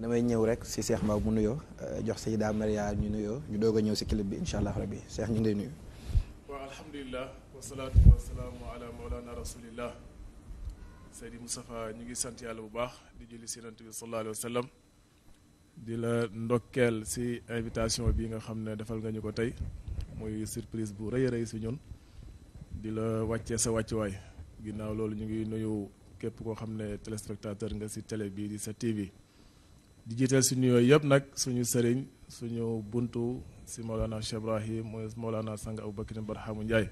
damay ñëw rek si Cheikh Mbaw mu nuyoo euh, jox Seyda Maria ñu nuyoo ñu doog a ñëw si clip bi incha allah rabbi Cheikh ñu ngi lay nuyu. waaw alhamdulilah wasalaatu wasalaamu ala mawlana rasulillah Seydi Moustapha ñu ngi sant yàlla bu baax di julli si yonent bi sallallahu alayhi wa sallam di la ndokkeel si invitation bi nga xam ne defal nga ñu ko tey muy surprise bu rëy a si ñun di la wàccee sa wàccuwaay ginnaaw loolu ñu ngi nuyu képp koo xam ne téléspectateur nga si télé bii di sa TV. di jiital si nuyoo yëpp nag suñu sëriñ suñu bunt si Maolana Cheikh Ibrahim mooy Maolana Sang Aboubacry Barhamu Ndiaye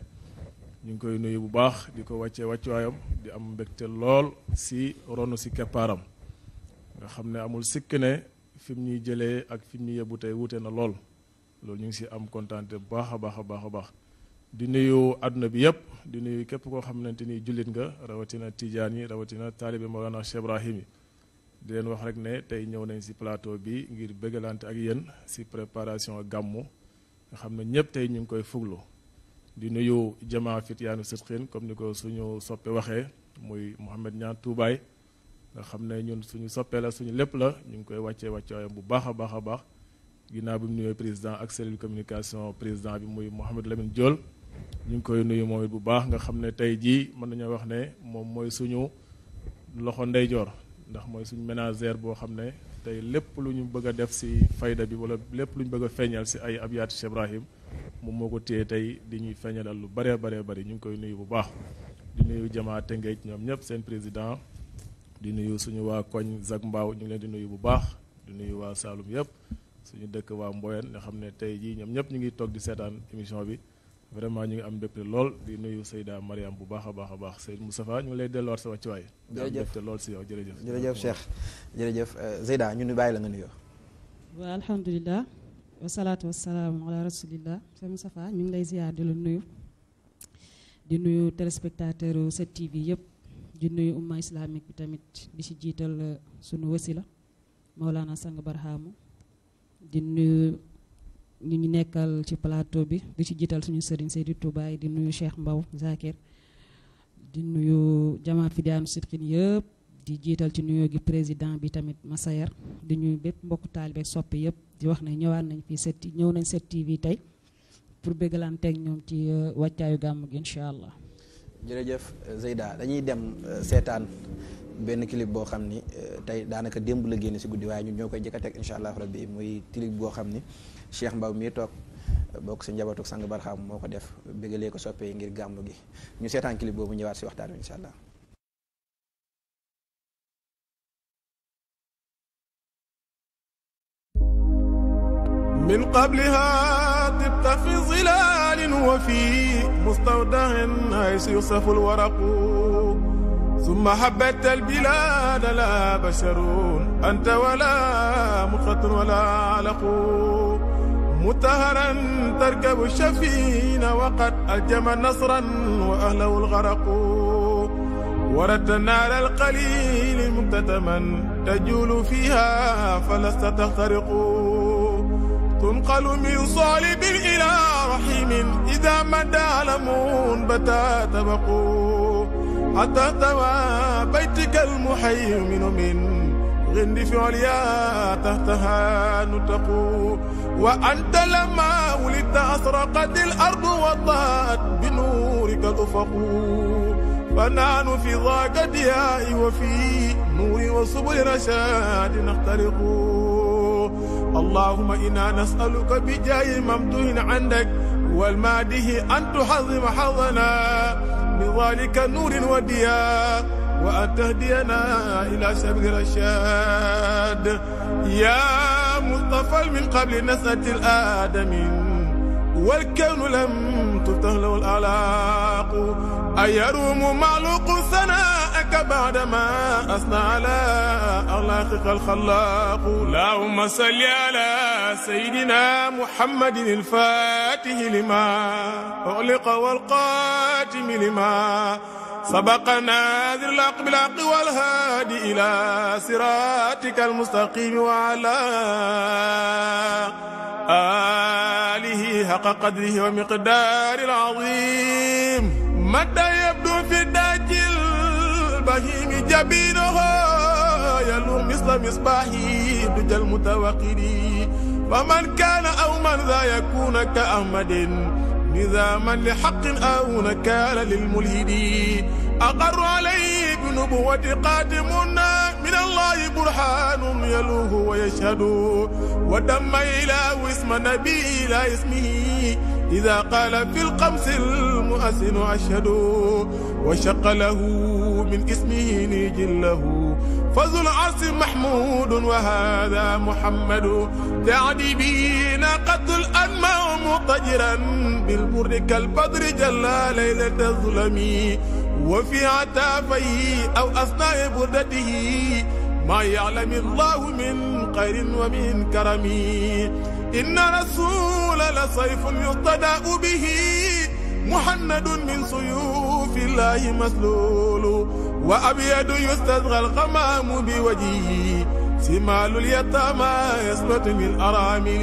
ñu ngi koy nuyu bu baax di ko wàccee wàccuwaayam di am mbégte lool si ronu si keppaaram nga xam ne amul sikk ne fi mu ñuy jëlee ak fi mu ñuy yebbu tey wuute na lool loolu ñu ngi si am kontaan bu baax a baax a baax a baax. di nuyu àdduna bi yëpp di nuyu képp koo xamante ni jullit nga rawatina tiijaan yi rawatina taalibe Maolana Cheikh Ibrahim yi. di leen wax rek ne tey ñëw nañ ci plateau bi ngir bëggalante ak yéen ci préparation gàmmu nga xam ne ñëpp tey ñu ngi koy fuglu di nuyu jamaa Fityaanu Sidqin comme ni ko suñu soppee waxee muy Mouhamed Niang Toubaay nga xam ne ñun suñu soppee la suñu lépp la ñu ngi koy wàccee wàccewaayam bu baax a baax a baax ginnaaw bu mu nuyoo président ak cellule communication président bi muy Mouhamed lamin jool ñu ngi koy nuyu moom it bu baax nga xam ne tey jii mën nañoo wax ne moom mooy suñu loxo ndeyjoor ndax mooy suñ ménagère boo xam ne tey lépp lu ñu bëgg a def si fayda bi wala lépp lu ñu bëgg a feeñal si ay abiyaati Cheikh Ibrahim moom moo ko téye tey di ñuy feeñalal lu bëree baree bari ñu ngi koy nuyu bu baax di nuyu jamaa Tëngéej ñoom ñëpp seen président di nuyu suñu waa koñ Zag Mbaaw ñu ngi leen di nuyu bu baax di nuyu waa Saalum yëpp suñu dëkk waa Mboyen nga xam ne tey jii ñoom ñëpp ñu ngi toog di seetaan émission bi vraiment ñu ngi am mbégte lool di nuyu Seyda Mariam bu baax a baax a baax Seyd Moustapha ñu ngi lay delluwaat sa wàccuwaay. jërëjëf di jërëjëf. jërëjëf euh, Seyda ñu nu bàyyi la nga nuyoo. waaw alhamdulilah. wasalaatu wasalaamu ala rasulillah Seyd Moustapha ñu ngi lay ziar di la nuyu. di nuyu téléspectateur 7TV yëpp. di nuyu umma islamique bi tamit di ci jiital euh, sunu wasila Maulana Sang Barhamu di nuyu. ñu ñu nekkal ci plateau bi di ci jiital suñu sëriñ Seydou Touba di nuyu Cheikh Mbaw Zakir di nuyu jamaat fi daanu sirkin yëpp di jiital ci nuyoo gi président bi tamit Massayar di nuyu bépp mbokku taalibe soppi yëpp di wax ne ñëwaat nañ fi set ñëw nañ set TV tey pour bëggalanteeg ñoom ci euh, wàccaayu gàmm gi incha allah. jërëjëf Zeyda dañuy dem euh, seetaan. benn clip boo xam ni euh, tey daanaka démb la génn si guddi waaye ñun ñoo koy jëkk a teg incha allah rabbi muy clip boo xam ni Cheikh Mbaw mii toog euh, bokk si njabootu sang barxaam moo ko def bégalee ko soppee ngir gàmmu gi ñu seetaan clip boobu ñëwaat si waxtaan wi incha allah. من قبلها طبت في ظلال وفي مستودع حيث يوصف الورق ثم حبت البلاد لا بشر أنت ولا مخط ولا علق متهرا تركب الشفين وقد ألجم نصرا وأهله الغرق وردت نار القليل مكتتما تجول فيها فلست تخترق تنقل من صالب إلى رحيم إذا ما دعلمون بتا تبقون حتى انتوى بيتك المحيمن من غند في عليا تحتها نتق وأنت لما ولدت أسرقت الأرض وضاءت بنورك الأفق فنحن في ذاك الضياء وفي نور وسبل رشاد نخترق اللهم إنا نسألك بجاه ممدوح عندك والماده أن تحظم حظنا بذلك نور وضياء وأن تهدينا إلى سبيل الرشاد يا مصطفى من قبل نسأة الآدمين والكون لم تفتح له الألاق أيروم معلوق ثناءك بعدما أثنى على أخلاقك الخلاق اللهم صل على سيدنا محمد الفاتح لما أغلق والقاتم لما سبق ناذر الحق بالحق والهادي إلى صراطك المستقيم وعلى آه حق قدره ومقدار العظيم متى يبدو في الداج البهيم جبينه يلوم مثل مصباحي دجى المتوقد فمن كان أو من ذا يكون كأحمد نظاما لحق أو نكال للملهد أقر عليه بنبوة قادم النار من الله برهان يلوه ويشهد ودم إلى اسم نبي إلى اسمه إذا قال في القمس المؤذن أشهد وشق له من اسمه نيج له فذو العرس محمود وهذا محمد تعدي به ناقة الأنماء مضطجرا بالبر كالبدر جلى ليلة الظلم وفي عتافيه أو أثناء بردته ما يعلم الله من خير ومن كرم إن رسول لسيف يصطدى به محند من سيوف الله مسلول وأبيض يستسغى الغمام بوجهه سمال اليتامى يسبت من أرامل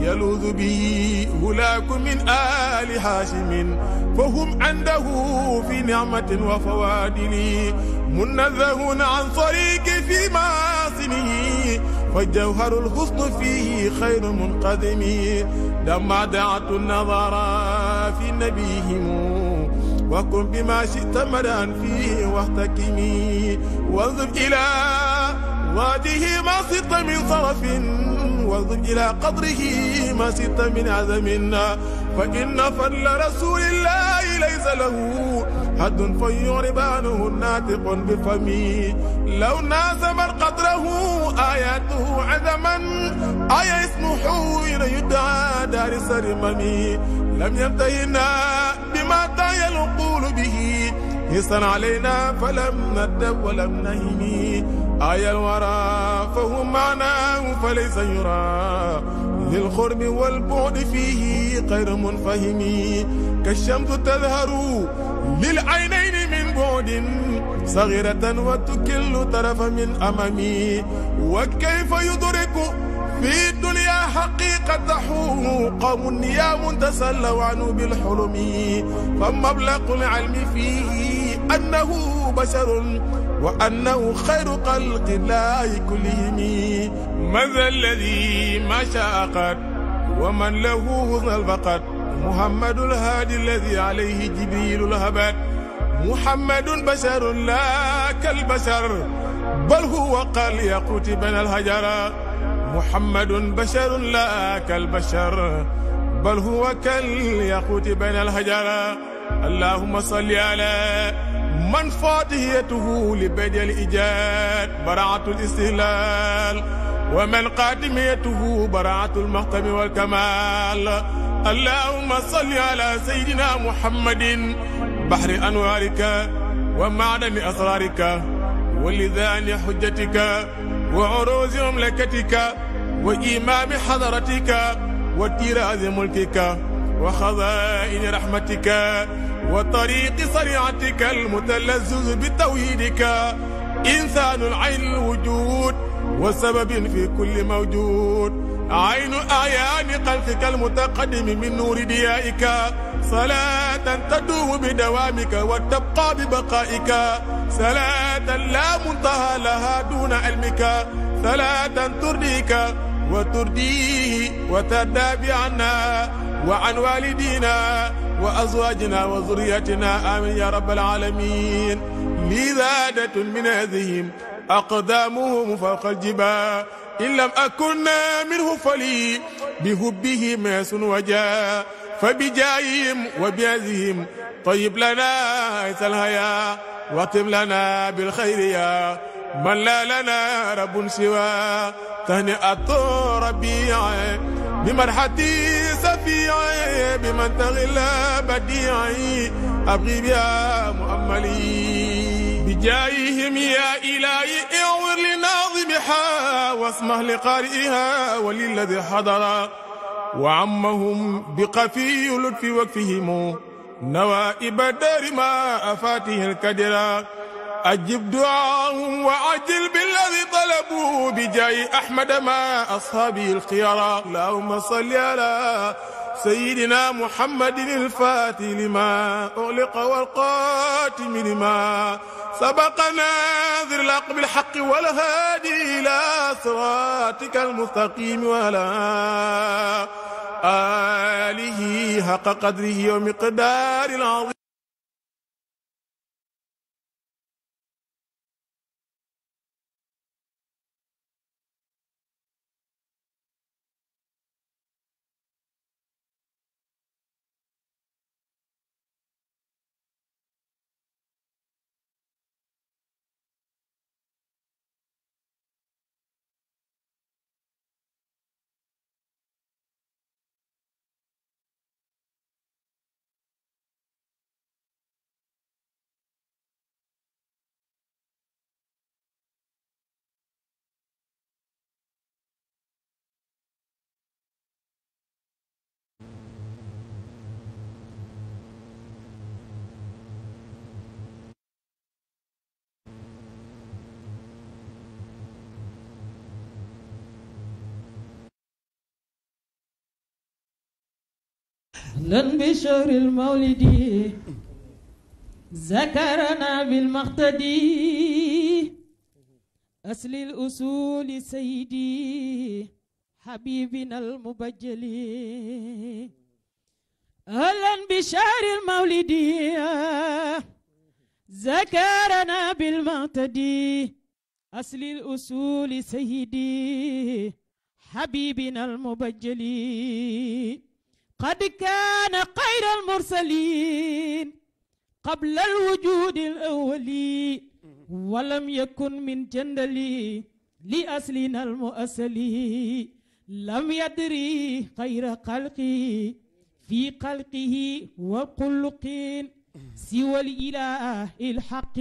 يلوذ به هلاك من آل هاشم فهم عنده في نعمة وفوادل منزهون عن طريق في معاصمه فجوهر الحسن فيه خير منقدم لما دعت النظر في نبيهم وكن بما شئت مدان فيه واحتكمي وانظر إلى واده ما صرت من طرف وانظر إلى قدره ما زدت من عزمنا فإن فضل رسول الله ليس له حد فيعرب عنه ناطق بفمي لو نازم قدره آياته عزما أي اسمه إلى يدعى دار سرممي لم ينتهنا بما دعي العقول به حسن علينا فلم ندب ولم نهمي آي الورى فهو معناه فليس يرى ذي القرب والبعد فيه غير منفهم كالشمس تظهر للعينين من بعد صغيرة وتكل طرف من أمامي وكيف يدرك في الدنيا حقيقته قوم نيام تسلوا عنه بالحلم فمبلغ العلم فيه أنه بشر وأنه خير خلق الله كلهم ماذا الذي ما شاء قد ومن له حسن فقد محمد الهادي الذي عليه جبريل الهبت محمد بشر لا كالبشر بل هو قال يقوت بين الهجر محمد بشر لا كالبشر بل هو كالياقوت بين الهجر اللهم صل على من فاتهيته لبدء الإيجاد براعة الاستهلال ومن قادميته براعة المحكم والكمال اللهم صل على سيدنا محمد بحر أنوارك ومعدن أسرارك ولذان حجتك وعروز مملكتك وإمام حضرتك وتراز ملكك وخزائن رحمتك وطريق صريعتك المتلذذ بتوحيدك إنسان عين الوجود وسبب في كل موجود عين آيان خلقك المتقدم من نور ديائك صلاة تدوم بدوامك وتبقى ببقائك صلاة لا منتهى لها دون علمك صلاة ترديك وترديه وتردى بعنا wa an walidina wa azwajina wa zurriyatina amin ya rabbal alamin li zaadatun min hadihim aqdamuhum fawqa aljiba in lam akunna minhu fali bihubbihi meesun waja فبجايهم وبيزهم طيب لنا عيسى الهيا واطم لنا بالخير يا من لا لنا رب سوى تهنئة ربيعه بمرحتي سفيعي بمنتغ بديعي أبغي يا مؤملي بجايهم يا إلهي اعور لناظمها واسمه لقارئها وللذي حضر وعمهم بقفي لطف وكفهم نوائب دار ما أفاته الكدرا أجب دعاهم وعجل بالذي طلبوه بجاي أحمد مع أصحابه الخيار اللهم صل على سيدنا محمد الفاتح لما أغلق والقاتم لما سبق ناذر الحق بالحق والهادي إلى صراطك المستقيم وعلى آله حق قدره ومقدار العظيم أهلا بشهر المولد ذكرنا بالمقتدي أصل الأصول سيدي حبيبنا المبجل أهلا بشهر المولد ذكرنا بالمقتدي أصل الأصول سيدي حبيبنا المبجل قد كان خير المرسلين قبل الوجود الأولي ولم يكن من جندلي لأصلنا المؤسلي لم يدري خير خلقي في خلقه وخلقين سوى الإله الحق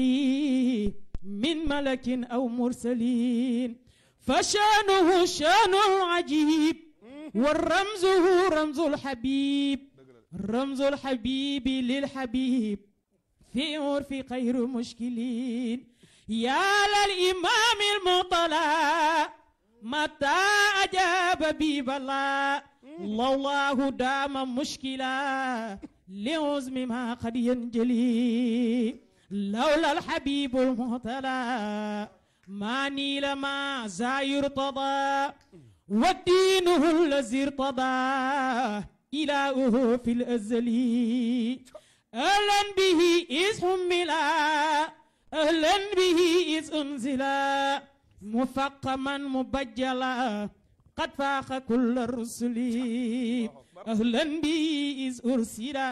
من ملك أو مرسلين فشانه شان عجيب wa ramzuhu ramzul habib ramzul habibi lil habib fi urfi xayru mushkilin yaa lal imaami al mutala mata ajaaba bi bala lawlaahu daama mushkila li uzmi ma qad yanjali lawla al habibu al mutala ma niila ma za yurtada wa diinuhu lazi irtadaa ilaahu fi l-azali ahlan bihi is humila ahlan bihi is unzila mufaqaman mubajjala qad faaqa kulla rusuli ahlan bihi is ursila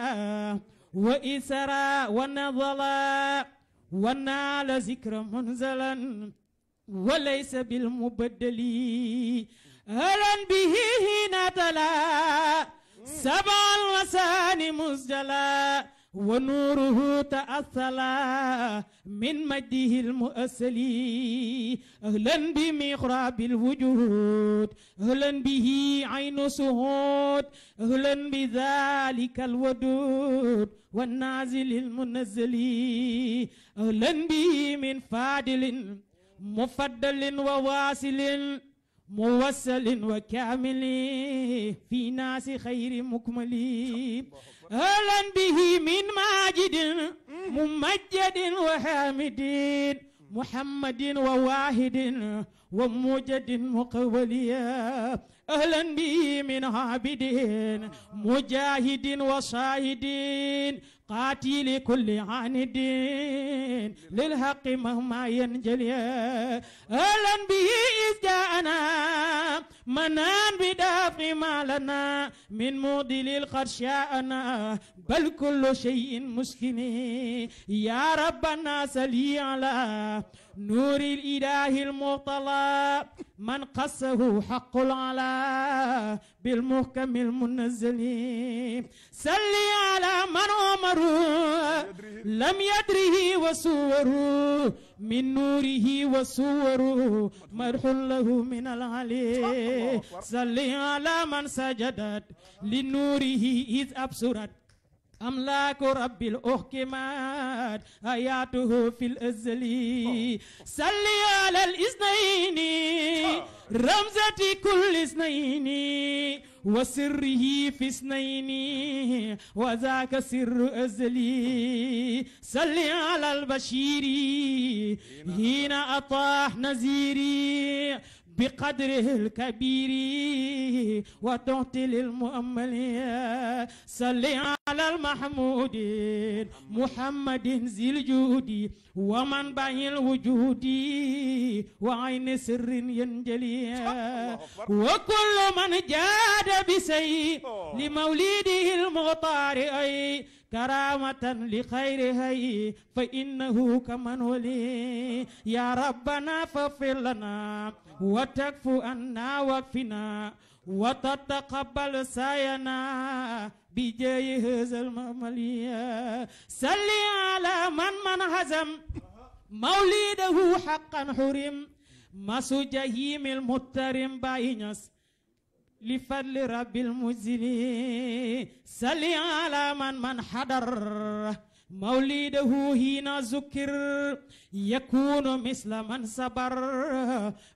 wa isra wa nadala wa naala zikra munzalan wa laysa bil mubaddali أهلا به هنا تلا سبع المسان مسجلا ونوره تأصلا من مجده المؤسلي أهلا بمغراب الوجود أهلا به عين سهود أهلا بذلك الودود والنازل المنزل أهلا به من فاضل مفضل وواصل موصل وكامل في ناس خير مكمل أهلا به من ماجد ممجد وحامد محمد وواحد وموجد مقوليا أهلا به من عابد مجاهد وصاهد قاتل كل عاند للحق مهما ينجلي أهلا به إذ جاءنا منان بدافع ما لنا من مودل الخرشاءنا بل كل شيء مسكن يا ربنا سلي على نور الإله المطلق من قصه حق العلا بالمحكم المنزل سلي على من عمر لم يدره وصور من نوره وصور مرح له من العلي سلي على من سجدت لنوره إذ أبصرت أملاك رب الأحكمات آياته في الأزل صلي على الإثنين رمزة كل اثنين وسره في اثنين وذاك سر أزلي صل على البشير هنا أطاح نزيري بقدره الكبير وتعطي للمؤملين صل على المحمود محمد ذي الجود ومنبع الوجود وعين سر ينجلي وكل من جاد بسي لمولده المغتار أي كرامة لخيرها فإنه كمن ولي يا ربنا فاغفر لنا وتكف عنا واكفنا وتتقبل سعينا بجاه هذا المملي صلي على من من هزم مولده حقا حرم مسجهيم المترم باينس لفضل رب المزني صلي على من من حضر مولده هنا ذكر يكون مثل من صبر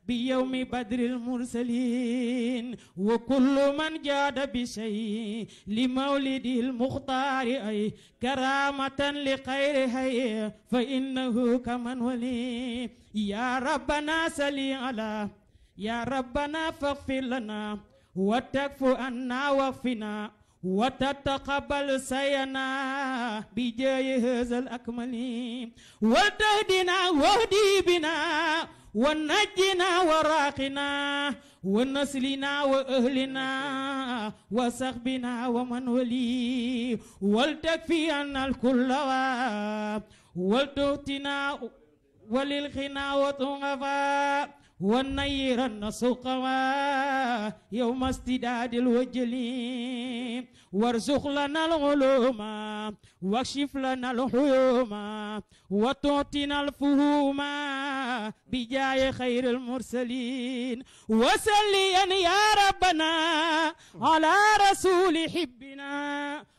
بيوم بدر المرسلين وكل من جاد بشيء لمولد المختار أي كرامة لخيره فإنه كمن ولي يا ربنا صلي على يا ربنا فاغفر لنا وتكف أنا وفنا وتتقبل سينا بجاي هذا الأكمل وتهدنا واهدي بنا ونجنا وراقنا ونسلنا وأهلنا وصحبنا ومن ولي ولتكفي عنا الكل ولتؤتنا وللغنى وتنغفا ونيرن سوقوا يوم استداد الوجل وارزق لنا العلوم واكشف لنا الحيوم وتعطينا الفهوم بجاه خير المرسلين وسليا يا ربنا على رسول حبنا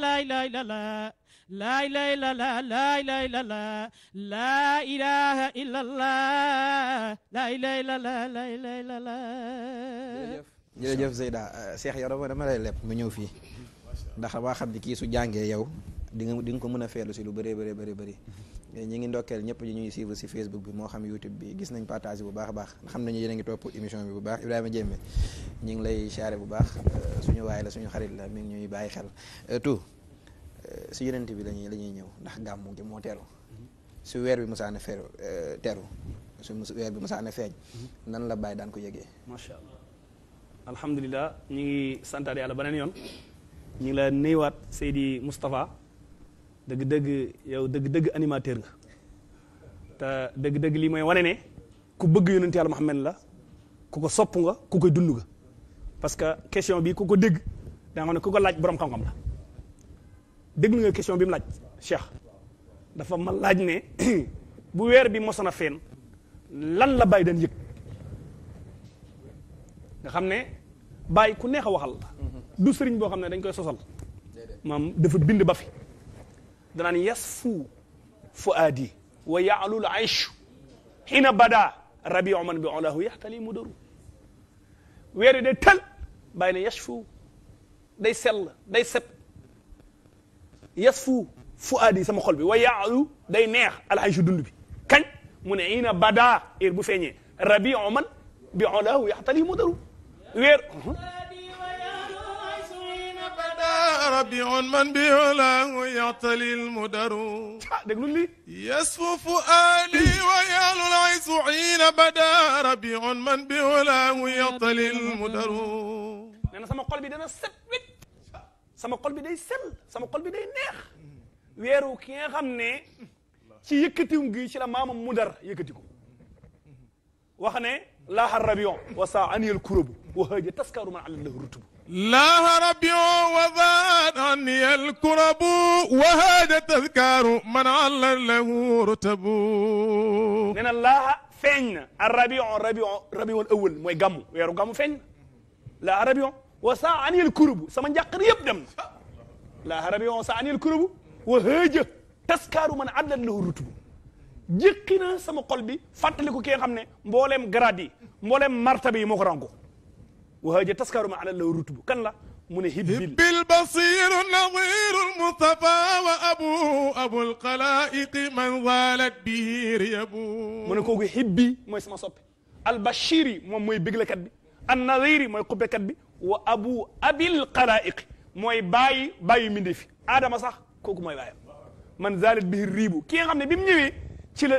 la ilaha illallah la ilaha illallah la ilaha illallah la ilaha illallah la ilaha illallah la ilaha illallah jërëjëf Zeyda Cheikh yow dama dama lay leb mu ñëw fii ndax waa xam ne kii su jàngee yow di nga di nga ko mën a feelu si lu bëree bëri bëri bëri ñi ngi ndokkeel ñëpp ñu ñuy suivre si Facebook bi moo xam YouTube bi gis nañ partage bu baax a baax xam nañu yéen a ngi topp émission bi bu baax Ibrahima Diémé ñi ngi lay siyaare bu baax euh, suñu waay la suñu xarit la mi ngi ñuy bàyyi xel euh, tout si euh, yonent bi lañuy la ñuy ñëw ndax gàmmu moo teeru su weer bi musaana feeru teeru su weer bi musaana feeñ nan la bàyyi daan ko yëgee macha allah alhamdulilah ñu ngi santaat yàlla beneen yoon ñu ngi la nuyuwaat Seydi Moustapha dëgg-dëgg yow dëgg-dëgg animateur nga te dëgg-dëgg lii mooy wane ne ku bëgg yonent yàlla Muhammad la ku ko sopp nga ku koy dund nga parce que question bi ku ko dégg da laaj borom xam-xam nga question bi laaj Cheikh dafa ma laaj ne bu weer bi mosoon a feen lan la bàyyi daan yëg nga xam ne bàyyi ku neex a waxal mhm. du sëriñ boo xam ne dañ koy sosal maam dafa bind ba fi danaan yasfu fuaadi wa yaalul ayshu xina bada rabiu man bi olahu yaxtali mu daru weer wi day tël bàyyi ne yasfu day sell day set yasfu fuaadi sama xol bi wa yaalu day neex alayshu dund bi kañ mu ne xina bada heure bu feeñee rabiu man bi olahu yaxtali mu daru weer uh-huh. ربيع من بعلاه يعتلي المدر يسفو فؤادي ويعلو العز حين بدا ربيع من بعلاه يعتلي المدر nee na sama xol bi dana set wit sama xol bi day sell sama xol bi day neex weeru ki nga xam ne ci yëkkatiw gi ci la maamam mudar yëkkati ko wax ne laaxa rabion wa saa aniyal kurubu wa hëja taskaru man ala lahu rutubu laaha rabbiyo wa zaad anni alkurabu wa haada tazkaaru man alla lahu rutabu nee na laaha feeñ na a rabiyo rabiyo rabiyo awal mooy gàmmu weeru gàmmu feeñ na laaha rabiyo wa saa ani alkurabu sama njàqar yëpp dem na laaha rabiyo wa saa ani alkurabu wa haaja tazkaaru man alla lahu rutabu jéqi na sama xol bi fàttaliku ki nga xam ne mbooleem grade yi mbooleem martaba yi moo ko rango وهاجة تسكر على الله رتب كان لا من هبل بالبصير النظير المصطفى وابوه ابو القلائق من والت به ريبو من كوغي هبي موي سما صوب البشيري موم موي بيغلكات بي النظيري موي كوبكات بي وابو ابي القلائق موي باي باي مندي في ادم صح كوكو موي باي man zalit bi riibu ki nga xam ne bi mu ñëwee ci la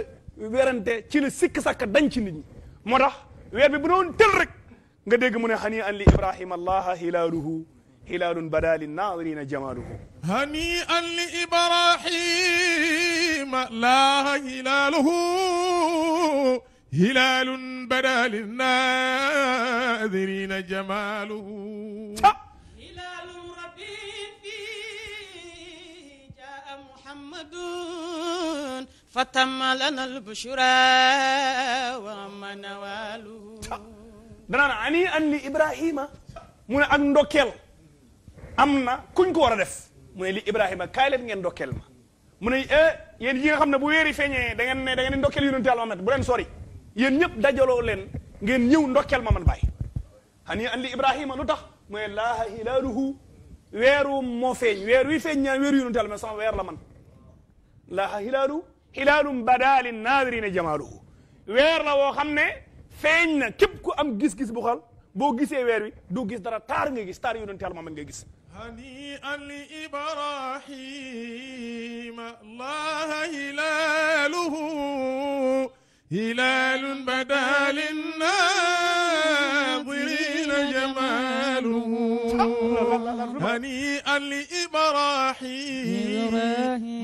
werante ci la sikk sàkk dañ ci nit ñi moo tax weer bi bu doon tël rek nga dégg mu ne xanii an li ibrahima allaha hilaaluhu hilaalun bada linnadirina jamaaluhu hani an li ibrahima allaha hilaaluhu hilaalun bada linnadirina jamaaluhu hilaalu rabbin fi jaa muhammadun fatama lana albushra wa ma nawaluhu danaan ani an li ibrahima mu ne ak ndokkeel am na kuñ ko war a def mu ne li ibrahima kaay leen ngeen ndokkeel ma mu ne eh yi nga xam ne bu weeri feeñee da ngeen ne da ngeen ndokkeel sori yéen ñëpp dajaloo leen ngeen ñëw ndokkeel ma man bàyyi ani an li ibrahima lu tax mu ne laaha hilaaluhu wi feeñ ñaan weeru yonente yàlla man sama weer la man laaha hilaalu hilaalum badaalin naadirina jamaaluhu weer la woo xam ne feeñ na képp ku am gis bu xal boo gisee weer wi du gis dara taar nga gis taar yonent Yàlla nga gis هنيئا لإبراهيم الله هلاله هلال بدا للناظرين جماله هنيئا لإبراهيم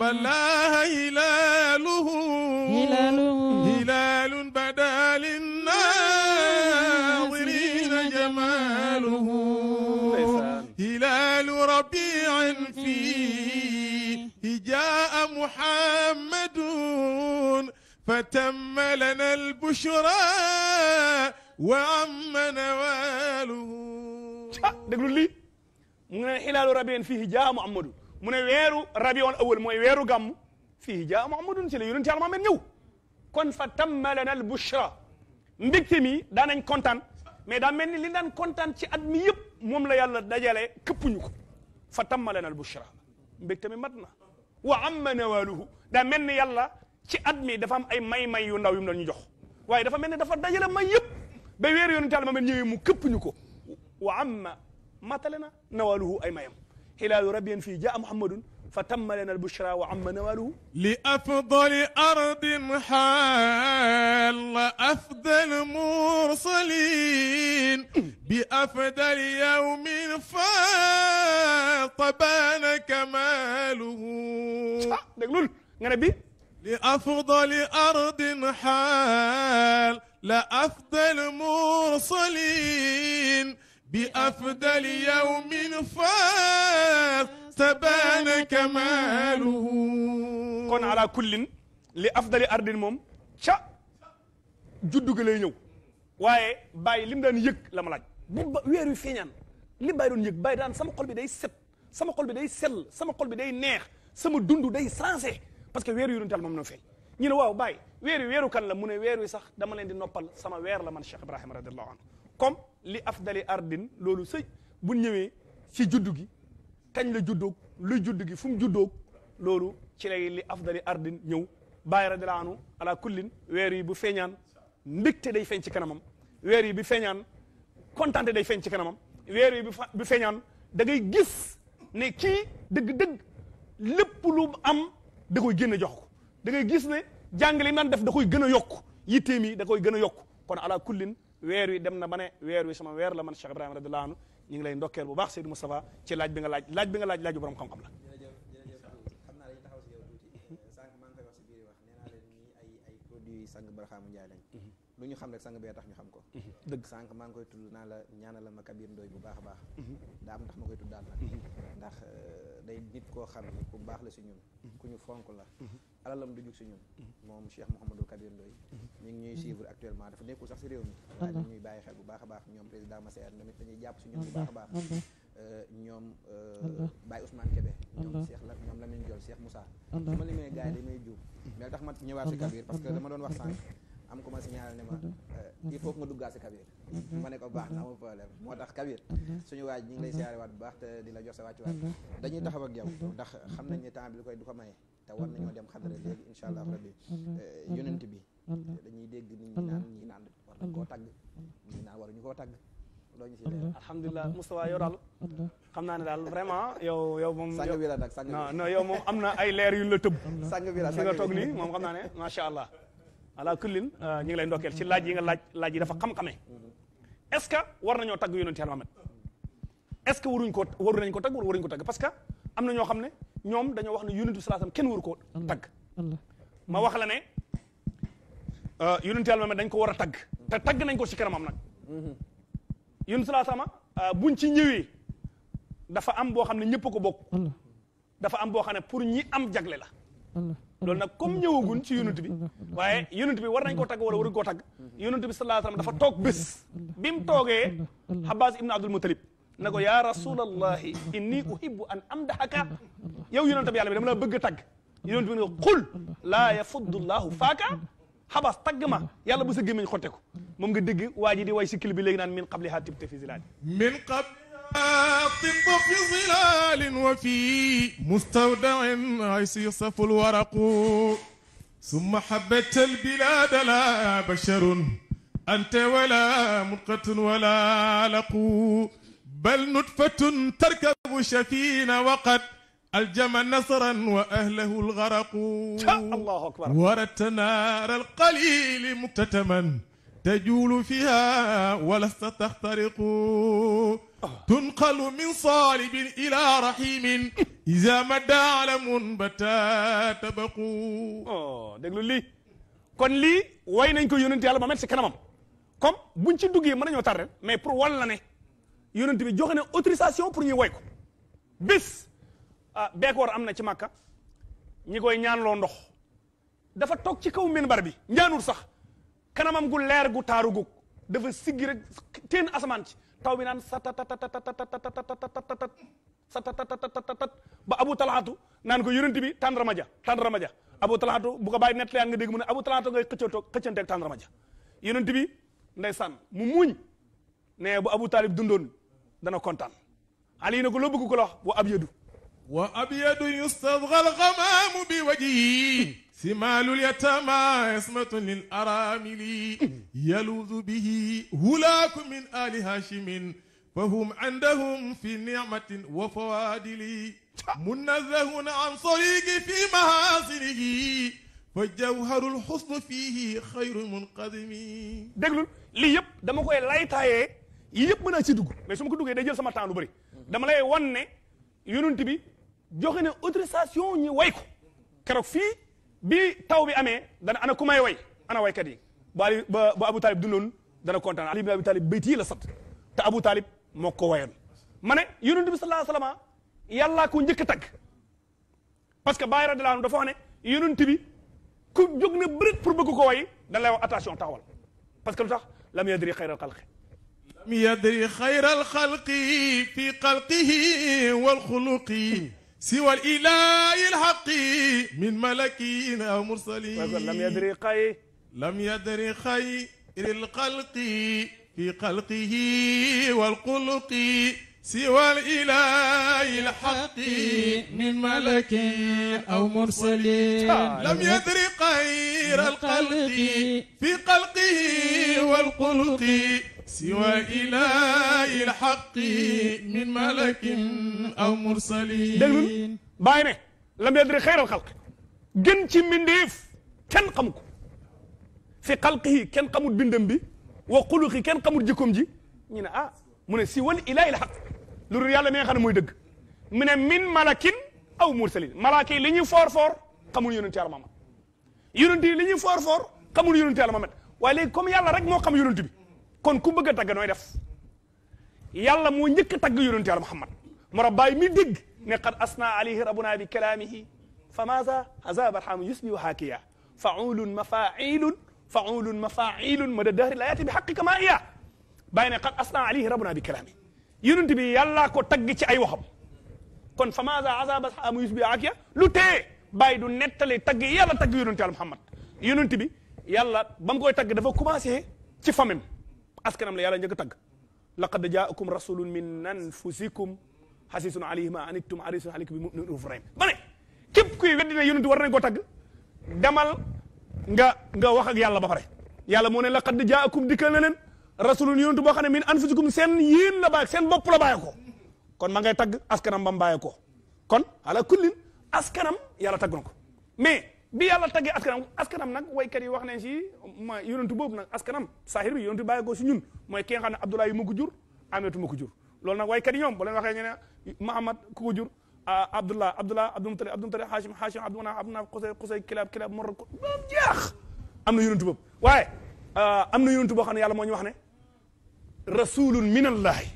الله هلاله أول ربيع فيه جاء محمد فتم لنا البشرى وعم نواله déglu lii mu ne xilaalu rabiin fii jaa Muhammadu mu ne weeru rabiul awal mooy weeru gàmm fii jaa Muhammadun ci la yonent Yàlla Muhammad ñëw kon fa tamma lana al bushra mbégte mi daanañ kontaan mais daa mel ni li daan kontaan ci at mi yëpp moom la yàlla dajale këppuñu ko fa tammalana al bushra mbég tamit mat na wa amma nawaluhu da mel ni yàlla ci at mi dafa am ay may-may yu ndaw yu mu ñu jox waaye dafa mel ni dafa dajale may yëpp ba weeru yoonu taal ma mel ñëwee mu këppuñu ko wa amma matale na nawaluhu ay mayam hilaalu rabbiyan fii jaa muhammadun فتم لنا البشرى وعم نواله لأفضل أرض حال أفضل مرسلين بأفضل يوم فطبان كماله دقلول نبي لأفضل أرض حال لأفضل مرسلين بأفضل يوم فطبان tabaana kamaaluhu kon ala kullin li afdali ardin moom ca juddu gi lay ñëw waaye bàyyi li mu daan yëg la ma laaj bu ba weer wi feeñaan li bàyyi doon yëg bàyyi daan sama xol bi day set sama xol day sell sama xol bi day neex sama dundu day sensé parce que weer yu doon tal moom noonu feeñ ñu ne waaw bàyyi weer wi weeru kan la mu ne weer wi sax dama leen di noppal sama weer la man Cheikh Ibrahima radiallahu anhu comme li afdali ardin loolu sëy bu ñëwee si juddu gi kañ la juddoog luy judd gi fu mu juddoog loolu ci lay li afdali ardin ñëw bàyyi radiallahu anhu ala kullin weer yi bu feeñaan mbégte day feeñ ci kanamam weer yi bi feeñaan kontaante day feeñ ci kanamam weer yi bi feeñaan da ngay gis ne kii dëgg-dëgg lépp lu am da koy génn jox ko da ngay gis ne jàngale nan def da koy gën a yokk yitteem yi da koy gën a yokk kon ala kullin weer wi dem na ba ne weer wi sama weer la man Cheikh Ibrahima radiallahu ñu ngi lay ndokkeel bu baax Seydou Moustapha ci laaj bi a laaj laaj bi nga laaj laaju borom xam-xam la sang Barxaamu Njaay lañ hmm. lu ñu xam rek sang bee tax ñu xam ko mhm. dëgg sànq maa ngi koy tudd naa la ñaanala ma Kabir Ndoy bu baax a baax mhm. daa am ndax ma koy tuddaat nag mhm. ndax euh, day nit koo xam ne ku baax la si ñun ku ñu fonk la alalam du jug si ñun moom Cheikh Mouhamadou Kabir Ndoy ñu ngi ñuy suivre actuellement dafa nekkul sax si réew mi waaye ñu ñuy bàyyi xel bu baax a baax ñoom président Massaer tamit dañuy jàpp si ñun bu baax a baax euh, ñoom euh, Baye Ousmane Kébé ñoom la ñoom Lamine Diol Cheikh Moussa ma li may gars yi damay juum mais tax ma ñëwaat wax sànq am ko ma signalé ne ma mhm. euh, il faut que nga duggaat si Kabir mhm. ma ne ko baax na mhm. amul problème moo tax Kabir suñu waaj ñu ngi lay siyaare waat bu baax te dina la jox sa wàccuwaat dañuy taxaw ak yow xam nañ ne temps ko maye te war nañoo dem xadara léegi incha allah rabbi euh, yonent bi dañuy dégg nit ñi naan ñi naan war koo tagg ñi naan waruñu koo tagg loo ñu si leer alhamdulilah Moustapha yow daal xam naa ne daal vraiment yow yow moom sang bi la nag sang bi non non yow moom am na ay leer yu la tëb sang bi la fi xam naa ne macha allah ala kullin euh, ñu ngi lay ndokkeel ci laaj yi nga laaj laaj yi dafa xam-xame est-ce que war nañoo tagg yonent Yàlla Muhammad est-ce que waruñ ko waru nañ ko tagg wala waruñ ko tagg parce que am na ñoo xam ne ñoom dañoo wax ne yonent bi sallallahu alayhi wasallam kenn waru ko tagg wax la ne euh, yonent Yàlla dañ ko war a tagg te tagg nañ ko ci kanamam nag yonent sallallahu alayhi wasallam euh, buñ ci ñëwee dafa am boo xam ne ñëpp ko bokk dafa am boo xam ne pour ñi am jagle la loolu nag comme ñëwagun ci yonent bi waaye yonent bi war nañ koo tagg wala waruñ koo tagg yonent bi sallallahu alayhi dafa toog bés bi mu toogee Abbas ibn Abdul Muttalib ya ko yaa rasulallahi inni uhibbu an amdahaka yow yonent bi yàlla bi dama la bëgg a tagg yonent bi ne ko qul laa yafuddu llahu faaka xabas tagg ma yàlla bu sa gémmiñ xotte ko moom nga dégg waa ji di si kil bi léegi naan min qabli ha tibta fi zilaali طب في ظلال وفي مستودع عيس يصف الورق ثم حبت البلاد لا بشر أنت ولا منقة ولا علق بل نطفة تركب شفين وقد الجم نصرا وأهله الغرق الله أكبر وردت نار القليل مكتتما تجول فيها ولست تخترق تنقل من صالب إلى رحيم إذا مدى علم بتا تبقوا oh, déglu lii kon lii way nañ ko yónent yàlla ba met si kanamam comme buñ ci duggee mën nañoo tarre mais pour wal la ne yónent bi joxe na autorisation pour ñuy way ko bis ah, beekoor am na ci màkka ñi koy ñaanloo ndox dafa toog ci kaw minbar bi ñaanul sax kanamam gu leer gu taaru gu dafa siggi teen asamaan ci taw bi naan satatatatatatatatatat satatatatatatat ba abu talaatu naan ko yonent bi tàndarama ja tàndarama ja abu talaatu bu ko bàyyi nettali nga dégg mu ne abu talaatu ngay xëccantoo xëccanteeg tàndarama ja yonent bi ndeysaan mu muñ ne bu abu taalib dundoon dana kontaan ali ne ko loo bëgg ko la wa abyadu wa abyadu yustadga alxamaamu bi wajhihi ثمال اليتامى عصمة للأرامل يلوذ به هلاك من آل هاشم فهم عندهم في نعمة وفوادل منزهون عن صريق في محاسنه فجوهر الحسن فيه خير منقدم déglul lii yëpp dama koy laytaayee yii yëpp mën naa ci dugg mais su ma ko duggee day jël sama temps lu bëri dama lay wan ne yonent bi joxe na autorisation ñu way ko keroog fii bi taw bi amee dana ana ku may way ana waykat yi ba Abu Talib dundoon dana kontaan Ali ibn Abi Talib bayt yi la sat te Abu Talib moo ko wayoon ma ne yonent bi sallallahu alayhi wa sallam yàllaa ko njëkk a tagg parce que Baay ku jóg na bërit pour bëgg ko way da lay wax attention taxawal parce que lu lam yadri xayral xalqi fi xalqihi wal xuluqi سوى الإله الحق من ملكين أو مرسلين لم يدري خير لم يدري خير الخلق في خلقه والقلق سوى الإله الحق من ملك أو مرسل لم يدر غير القلق في قلقه والقلق سوى إله الحق من ملك أو مرسلين dégg bàyyi ne lam yadri xayral xalq gën ci mbindeef kenn xamu ko fi xalqihi kenn xamul bindam bi wa xuluqi kenn xamul jikkoom ji ñu ne ah mu ne si wal ilahi lxaq lu dul yàlla mi nga xam ne mooy dëgg mu ne min malakin aw mursalin malaaka yi li ñuy foor foor xamul yonent yàlla Muhammad yonent yi li ñuy foor foor xamul yonent yàlla Muhammad waaye léegi comme yàlla rek moo xam yonent bi kon ku bëgg a tagg nooy def yàlla moo njëkk a tagg yonente yàlla muhammad mo ra bàyyi mi dégg ne qad asna alayhi rabbuna bi kalaamihi fa maasa haza barham yusbi wa haakiya faulun mafailun faulun mafailun mada dahri la yaati bi xaqi kama iya bàyyi ne qad asna alayhi rabbuna bi kalaami yonente bi yàllaa ko tagg ci ay waxam kon fa maasa haza barham yusbi wa haakiya lu tee bàyyi du nettali tagg yàlla tagg yonente yàlla muhammad yonente bi yàlla ba mu koy tagg dafa commencé ci famem askanam la yàlla njëkk a tagg laqad jaakum rasulun min anfusikum xasisun alayhi ma anittum arisun alaykum bi muminin uf rahim ma ne képp kuy weddi ne ko tag nañ koo tagg nga nga wax ak yàlla ba pare yàlla moo ne laqad jaakum dikkal na leen rasulun yonent boo xam ne min anfusikum seen yéen la bàyyi seen bopp la bàyyi ko kon ma ngay tagg askanam ba mu bàyyi ko kon ala kullin askanam yàlla tagg na ko bi yàlla taggee askanam askanam nag waykat yi wax nañ si ma yonentu boobu nag askanam sahir bi yonentu bàyyi ko si ñun mooy ki nga xam ne Abdoulaye moo ko jur Ameetu moo ko jur loolu nag waykat yi ñoom bu leen waxee ñu ne Mahamad ko jur Abdullah Abdullah Abdul Mutalib Abdul Mutalib Hashim Hashim Abdul Manaaf Abdul Manaaf Xusay Xusay Kilaab Kilaab Mor am na yonentu boobu waaye am na yonentu boo xam ne yàlla moo ñu wax ne rasulun minallahi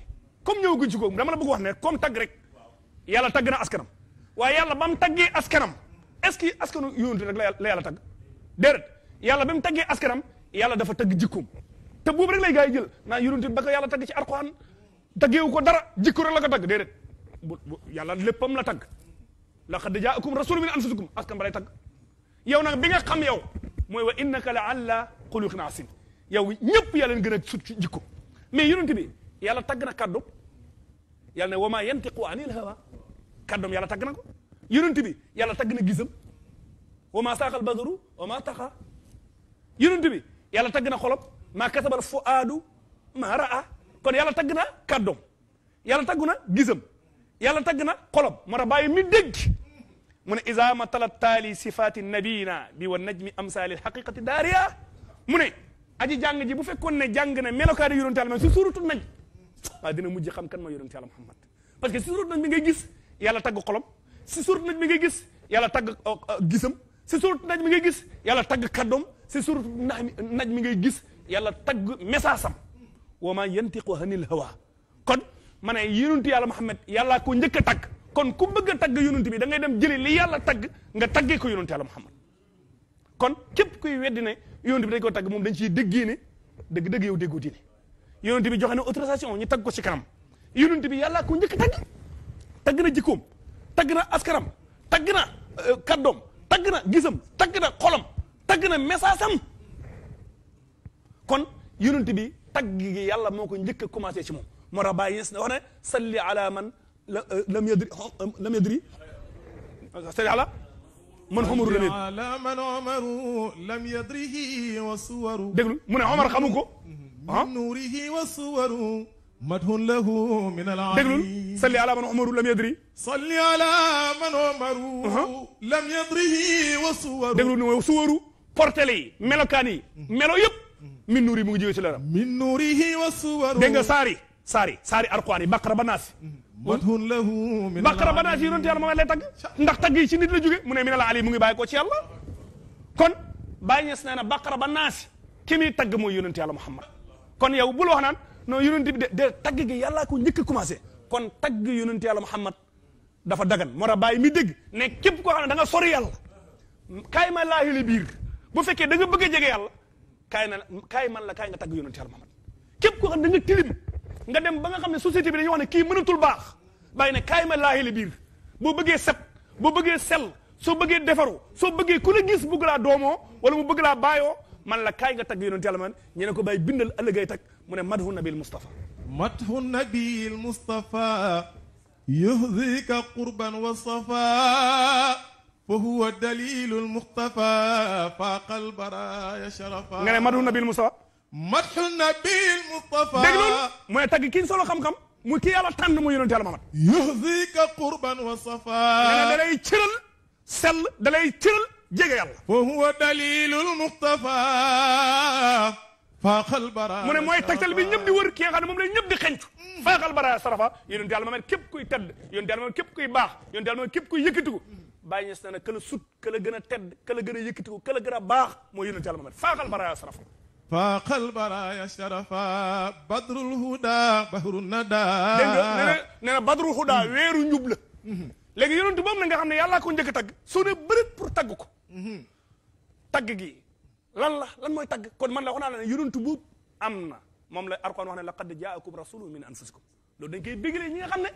comme ñëw guñ ci kooku dama la bëgg wax ne comme tagg rek yàlla tagg na askanam waaye yàlla ba mu taggee askanam est-ce que askanu yonent rek la yàlla tagg déedéet yàlla ba mu taggee askanam yàlla dafa tagg jikko te boobu rek lay gaa yi jël naan yonent ba ko yàlla tagg ci Alxuraan taggeewu ko dara jikko rek la tagg déedéet bu yàlla léppam la tagg laqad jaakum rasulun min anfusikum askan ba tagg yow nag bi nga xam yow mooy wa innaka la ala xuluqin asim yow ñëpp yàlla leen gën a sut ci jikko mais yonent bi yàlla tagg na kàddu yàlla ma yantiqu anil hawa yàlla tagg na ko yonent bi yàlla tagg na gisam wa maa saaxal basaru wa maa taxa yonent bi yàlla tagg na xolam maa kasabal fu aadu raa kon yàlla tagg na kàddoom yàlla tagg na gisam yàlla tagg na xolam ma tax bàyyi mi dégg mu ne isa ma talat taali sifaati nabiyina bi wa najmi amsaali xaqiqati daariya mu ne aji jàng ji bu fekkoon ne jàng na melokaani yonent yàlla si suuratul naj waaw dina mujj xam kan ma yonent yàlla Muhammad parce que si suuratul naj mi ngay gis yàlla tagg xolam si suurat uh, uh, naj mi ngay gis yàlla tagg gisam si suurat naj mi ngay gis yàlla tagg kaddoom si suurat naj mi ngay gis yàlla tagg message am wa ma yantiqu anil hawa kon ma ne yonent yàlla Muhammad yàlla ko njëkk a tagg kon ku bëgg a tagg yonent bi da ngay dem jëli li yàlla tagg nga taggee ko yonent yàlla Muhammad kon képp kuy weddi ne yonent bi dañ ko tagg moom dañ ci déggee ne dëgg-dëgg yow déggoo diine yonent bi joxe ne autorisation ñu tagg ko ci kanam yonent bi yàlla ko njëkk a tagg tagg na jikkoom tagg na askaram tagg na euh, kaddoom tagg na gisam tagg na xolam tagg na message am kon yonent bi tagg gi yàlla moo ko njëkk a commencé ci moom moo tax bàyyi ne wax salli ala man euh, lam yadri lam yadri salli ala man xamaru lam yadrihi wa suwaru déglu mu ne Omar xamu madhun lahu min al ali déglul salli ala man umaru lam yadri salli ala man melokaan yi melo yëpp min nuuri mu ngi jóge ci leeram min nuurihi saari saari saari alquran yi baqara ba naas mm. madhun lahu min baqara ba naas yi yonent ndax tagg ci nit la jóge mu ne min al ali mu ngi bàyyi ko ci yàlla kon bàyyi ñes nee na baqara ba naas ki muy tagg mooy yonent yàlla kon yow bul wax non yonent bi de de tagg gi yàllaa ko njëkk a commencé kon tagg yonent yàlla Muhammad dafa dagan moo tax bàyyi mi dégg ne képp ko xam ne danga nga sori yàlla kaay ma laahi biir bu fekkee danga nga bëgg a jege yàlla kaay na kaay man la kaay nga tagg yonent yàlla Muhammad képp koo xam ne da nga dem ba nga xam ne société bi dañuy wax ne kii mënatul baax bàyyi ne kaay ma laahi li biir boo bëggee set boo bëggee sell soo bëggee defaru soo bëggee ku la gis bëgg laa doomoo wala mu bëgg laa baayoo man la kaay nga tagg yonent yàlla ñu ne ko bàyyi bindal ëllëgay tag mu ne madhu nabil Moustapha. madhu nabil Moustapha. yuhdika qurban wa safa. fa huwa dalilul muxtafa faaqal baraaya sharafa. nga ne madhu nabil Moustapha. madhu nabil Moustapha. dégg loolu mooy tagg ki solo xam-xam. mu kii yàlla tànn mu yonente yàlla Muhammad. yuhdika qurban wa safa. nga ne da lay cëral. sell da lay cëral jege yàlla. fa huwa dalilul muxtafa. faaxal bara mu ne mooy tegtal bi ñëpp di wër ki nga xam ne moom la ñëpp di xencu faaxal bara sarafa yéen daal ma mel képp kuy tedd yéen daal ma mel képp kuy baax yéen daal ma mel képp kuy yëkkatiku bàyyi ñes na ne ka la sut ka la gën a tedd ka la gën a yëkkatiku ka la gën a baax mooy yéen daal ma mel faaxal bara sarafa faaxal bara sarafa badrul huda bahru nada dégg nga nee na badrul huda weeru njub la léegi yonentu moom na nga xam ne yàllaa ko njëkk a tagg soo ne bërit pour tagg ko mhm. tagg gi lan la lan mooy tagg kon man la wax naa ne yonent bu am na moom la ar Alxuraan wax ne laqad jaakum rasulun min anfusikum loolu dañ koy déglee ñi nga xam ne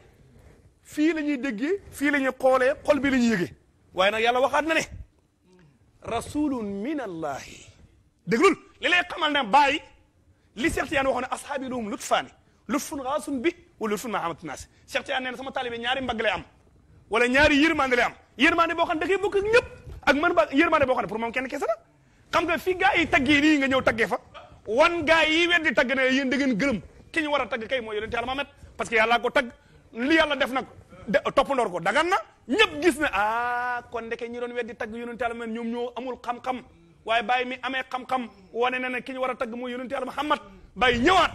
fii la ñuy déggee fii la ñuy xoolee xol bi la ñuy yëgee waaye nag yàlla waxaat na ne rasulun min allahi déglul li lay xamal ne bàyyi li Cheikh Tidiane waxoon ne ashaabi lahum lutfaani lutfun xaasun bi wala lutfun mahamatu naas Cheikh Tidiane nee ne sama taalibe ñaari mbagg lay am wala ñaari yërmande lay am yërmande boo xam ne da bokk ak ñëpp ak man ba yërmande boo ne pour moom kenn kese xam nga fi gaa yi taggee nii nga ñëw taggee fa wan gaa yi weddi tagg ne yéen da ngeen gërëm ki a tagg kay mooy yonent yàlla Muhammad parce que ko tagg li yàlla def nag de ko dagan na ñëpp gis ne ah kon ndeke ñi doon weddi tagg yonent yàlla Muhammad ñoom ñoo amul xam-xam waaye bàyyi mi xam-xam na ne ki ñu war a tagg mooy yonent yàlla Muhammad bàyyi ñëwaat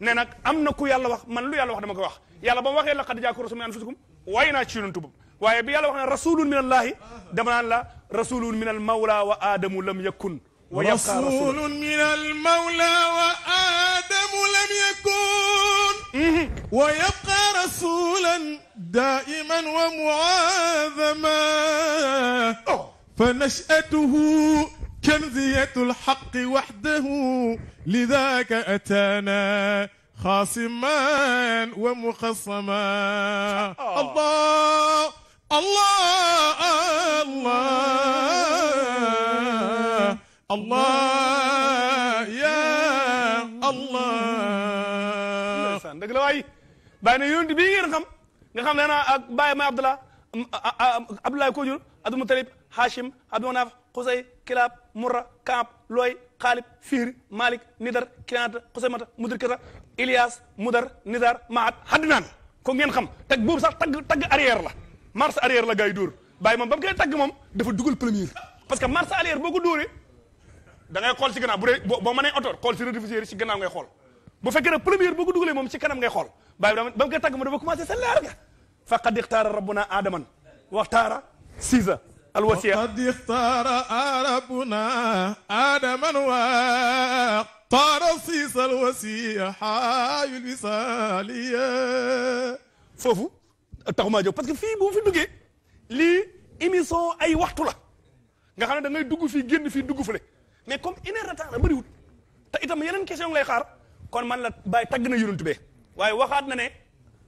ne nag am na ku yàlla wax man lu yàlla wax dama koy wax yalla ba mu waxee laqad jaakum rasulun min anfusikum naa ci yonent boobu bi yàlla wax ne rasulun min allahi dama naan rasulun min al mawla wa aadamu lam yakun wa yabqa rasulun min al mawla wa aadamu lam yakun mhm. wa yabqa rasulan daiman wa muadama oh. fa nashatuhu كنزية الحق وحده لذاك أتانا خاصما ومخصما الله الله الله الله يا الله san dëgg la waay bàyyi na yonent bii ngeen xam nga xam nee naa ak bàyyi may Abdullah Abdullah ko jur Abdul Mutalib Hashim Abdul Manaf Xusay Kilaab Murra Kaab Looy Xaalib Fiir Malik Nidar Kinaata Xusaymata Mudir Kata Ilias Mudar Nidar Maat Hadnaan ko ngeen xam tag boobu sax tag tag arrière la marche arrière la gay dóor bàyyi moom ba mu koy tagg moom dafa dugal premier parce que marche arrière boo ko dóoree da ngay xool si gannaaw bu dee boo mënee oto xool si rétroviseur si gannaaw ngay xool bu fekkee ne premier boo ko dugalee moom si kanam ngay xool bàyyi ba mu koy tagg moom dafa commencé sa leer nga faqad rabbuna aadaman waxtaara siisa alwasiya faqad ixtaara rabbuna aadaman wa wisaaliya taxumaa jóg parce que fii bu fi duggee lii émission ay waxtu la nga xam ne da ngay dugg fii génn fii dugg fële mais comme une heure de temps la itam yeneen question lay xaar kon man la bàyyi tagg na yonent bee waaye waxaat na ne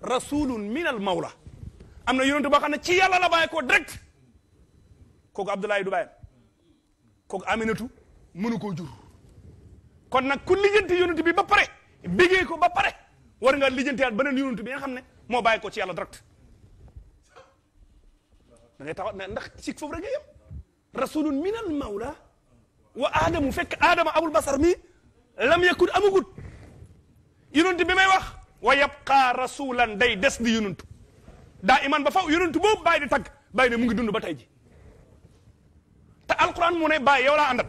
rasulun minal mawla am na yonent boo xam ne ci yàlla la bàyyi ko direct kooku Abdoulaye du bàyyam kooku Aminatu mënu koo jur kon nag ku lijjanti yonent bi ba pare bégee ko ba pare war nga lijjantiwaat beneen yonent bi nga xam ne moo bàyyi ko ci yàlla direct da ngay taxaw ndax sikk foofu rek nga yem rasulun minal mawla wa aadamu fekk aadama abul basar mi lam yakun amagut yonent bi may wax wa yabqa rasulan day des di yonent daa iman ba faw yonent boobu bàyyi di tagg bàyyi ne mu ngi dund ba tey ji te alquran mu ne bàyyi yow laa àndal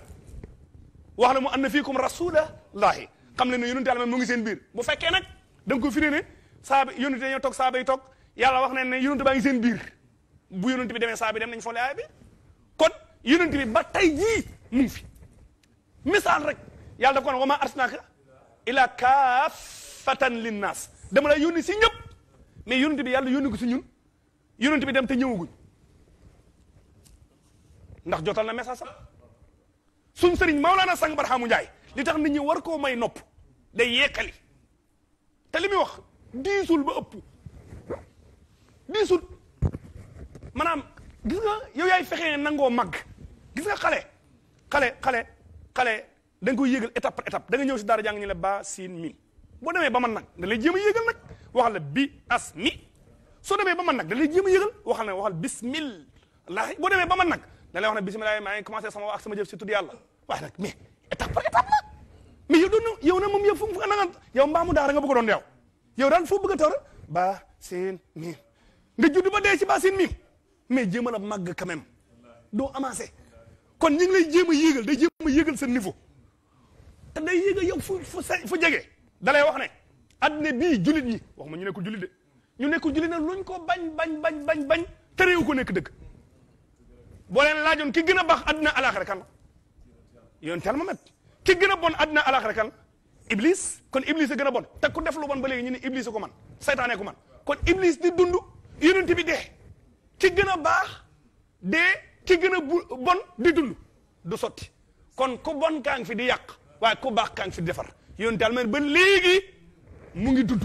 wax la mu anna fiikum rasulallahi xam leen ne yonent yàlla mu ngi seen biir bu fekkee nag da nga ko firee ne saaba yonent dañoo toog saaba yi toog yàlla wax ne ne yonent baa ngi seen biir bu yonent bi demee saa bi dem nañ fole aay bi kon yonent bi ba tey jii mu fi misaal rek yàlla da ko ne wa ma arsalnaaka ila kaafatan linnaas dama la yónni si ñëpp mais yonent bi yàlla yónni ko si ñun yonent bi dem te ñëwaguñ ndax jotal na message sax ma sëriñ na Sang Barhaamu Njaay li tax nit ñi war koo may nopp day yeekali te li mi wax diisul ba ëpp diisul maanaam gis nga yow yaay fexee nangoo mag gis nga xale xale xale xale da nga koy yéegal étape par étape da ñëw si daara jàng ñu la ba siin miin boo demee ba man nag da lay jéem a yéegal nag waxal la bi as mi soo demee ba man nag da lay jéem a yéegal waxal na waxal bismil laahi boo demee ba man nag da lay wax ne bismillah maa ngi commencé sama wax ak sama jëf si tudd yàlla waaye nag mais étape par étape la mais yow doon yow na moom yow fu mu nanga yow mbaamu daara nga bëgg doon yow yow daal foo bëgg a tawra ba siin miin nga judd ba dee ci ba siin miin mais jéemal a màgg quand même doo avancé kon ñu ngi lay jéem a yéegal day jéem a yéegal sa niveau te day yéegal yow fu fu sa fu jege da lay wax ne adduna bii julit ñi wax ma ñu nekkul julit de ñu nekkul julit na luñ ko bañ bañ bañ bañ bañ te réew ko nekk dëgg boo leen laajoon ki gën a baax adduna alaxira kan la ma met ki gën a bon adduna alaxira kan la iblis kon iblis a gën bon te ku def lu bon ba léegi ñu ne iblis a ko man setaane ko man kon iblis di dund yonent bi dee ki gën a baax dee ki gën a bu bon di dund du sotti kon ku bon kaa ngi fi di yàq waaye ku baax kaa ngi fi di defar yoon daal man ba léegi mu ngi dund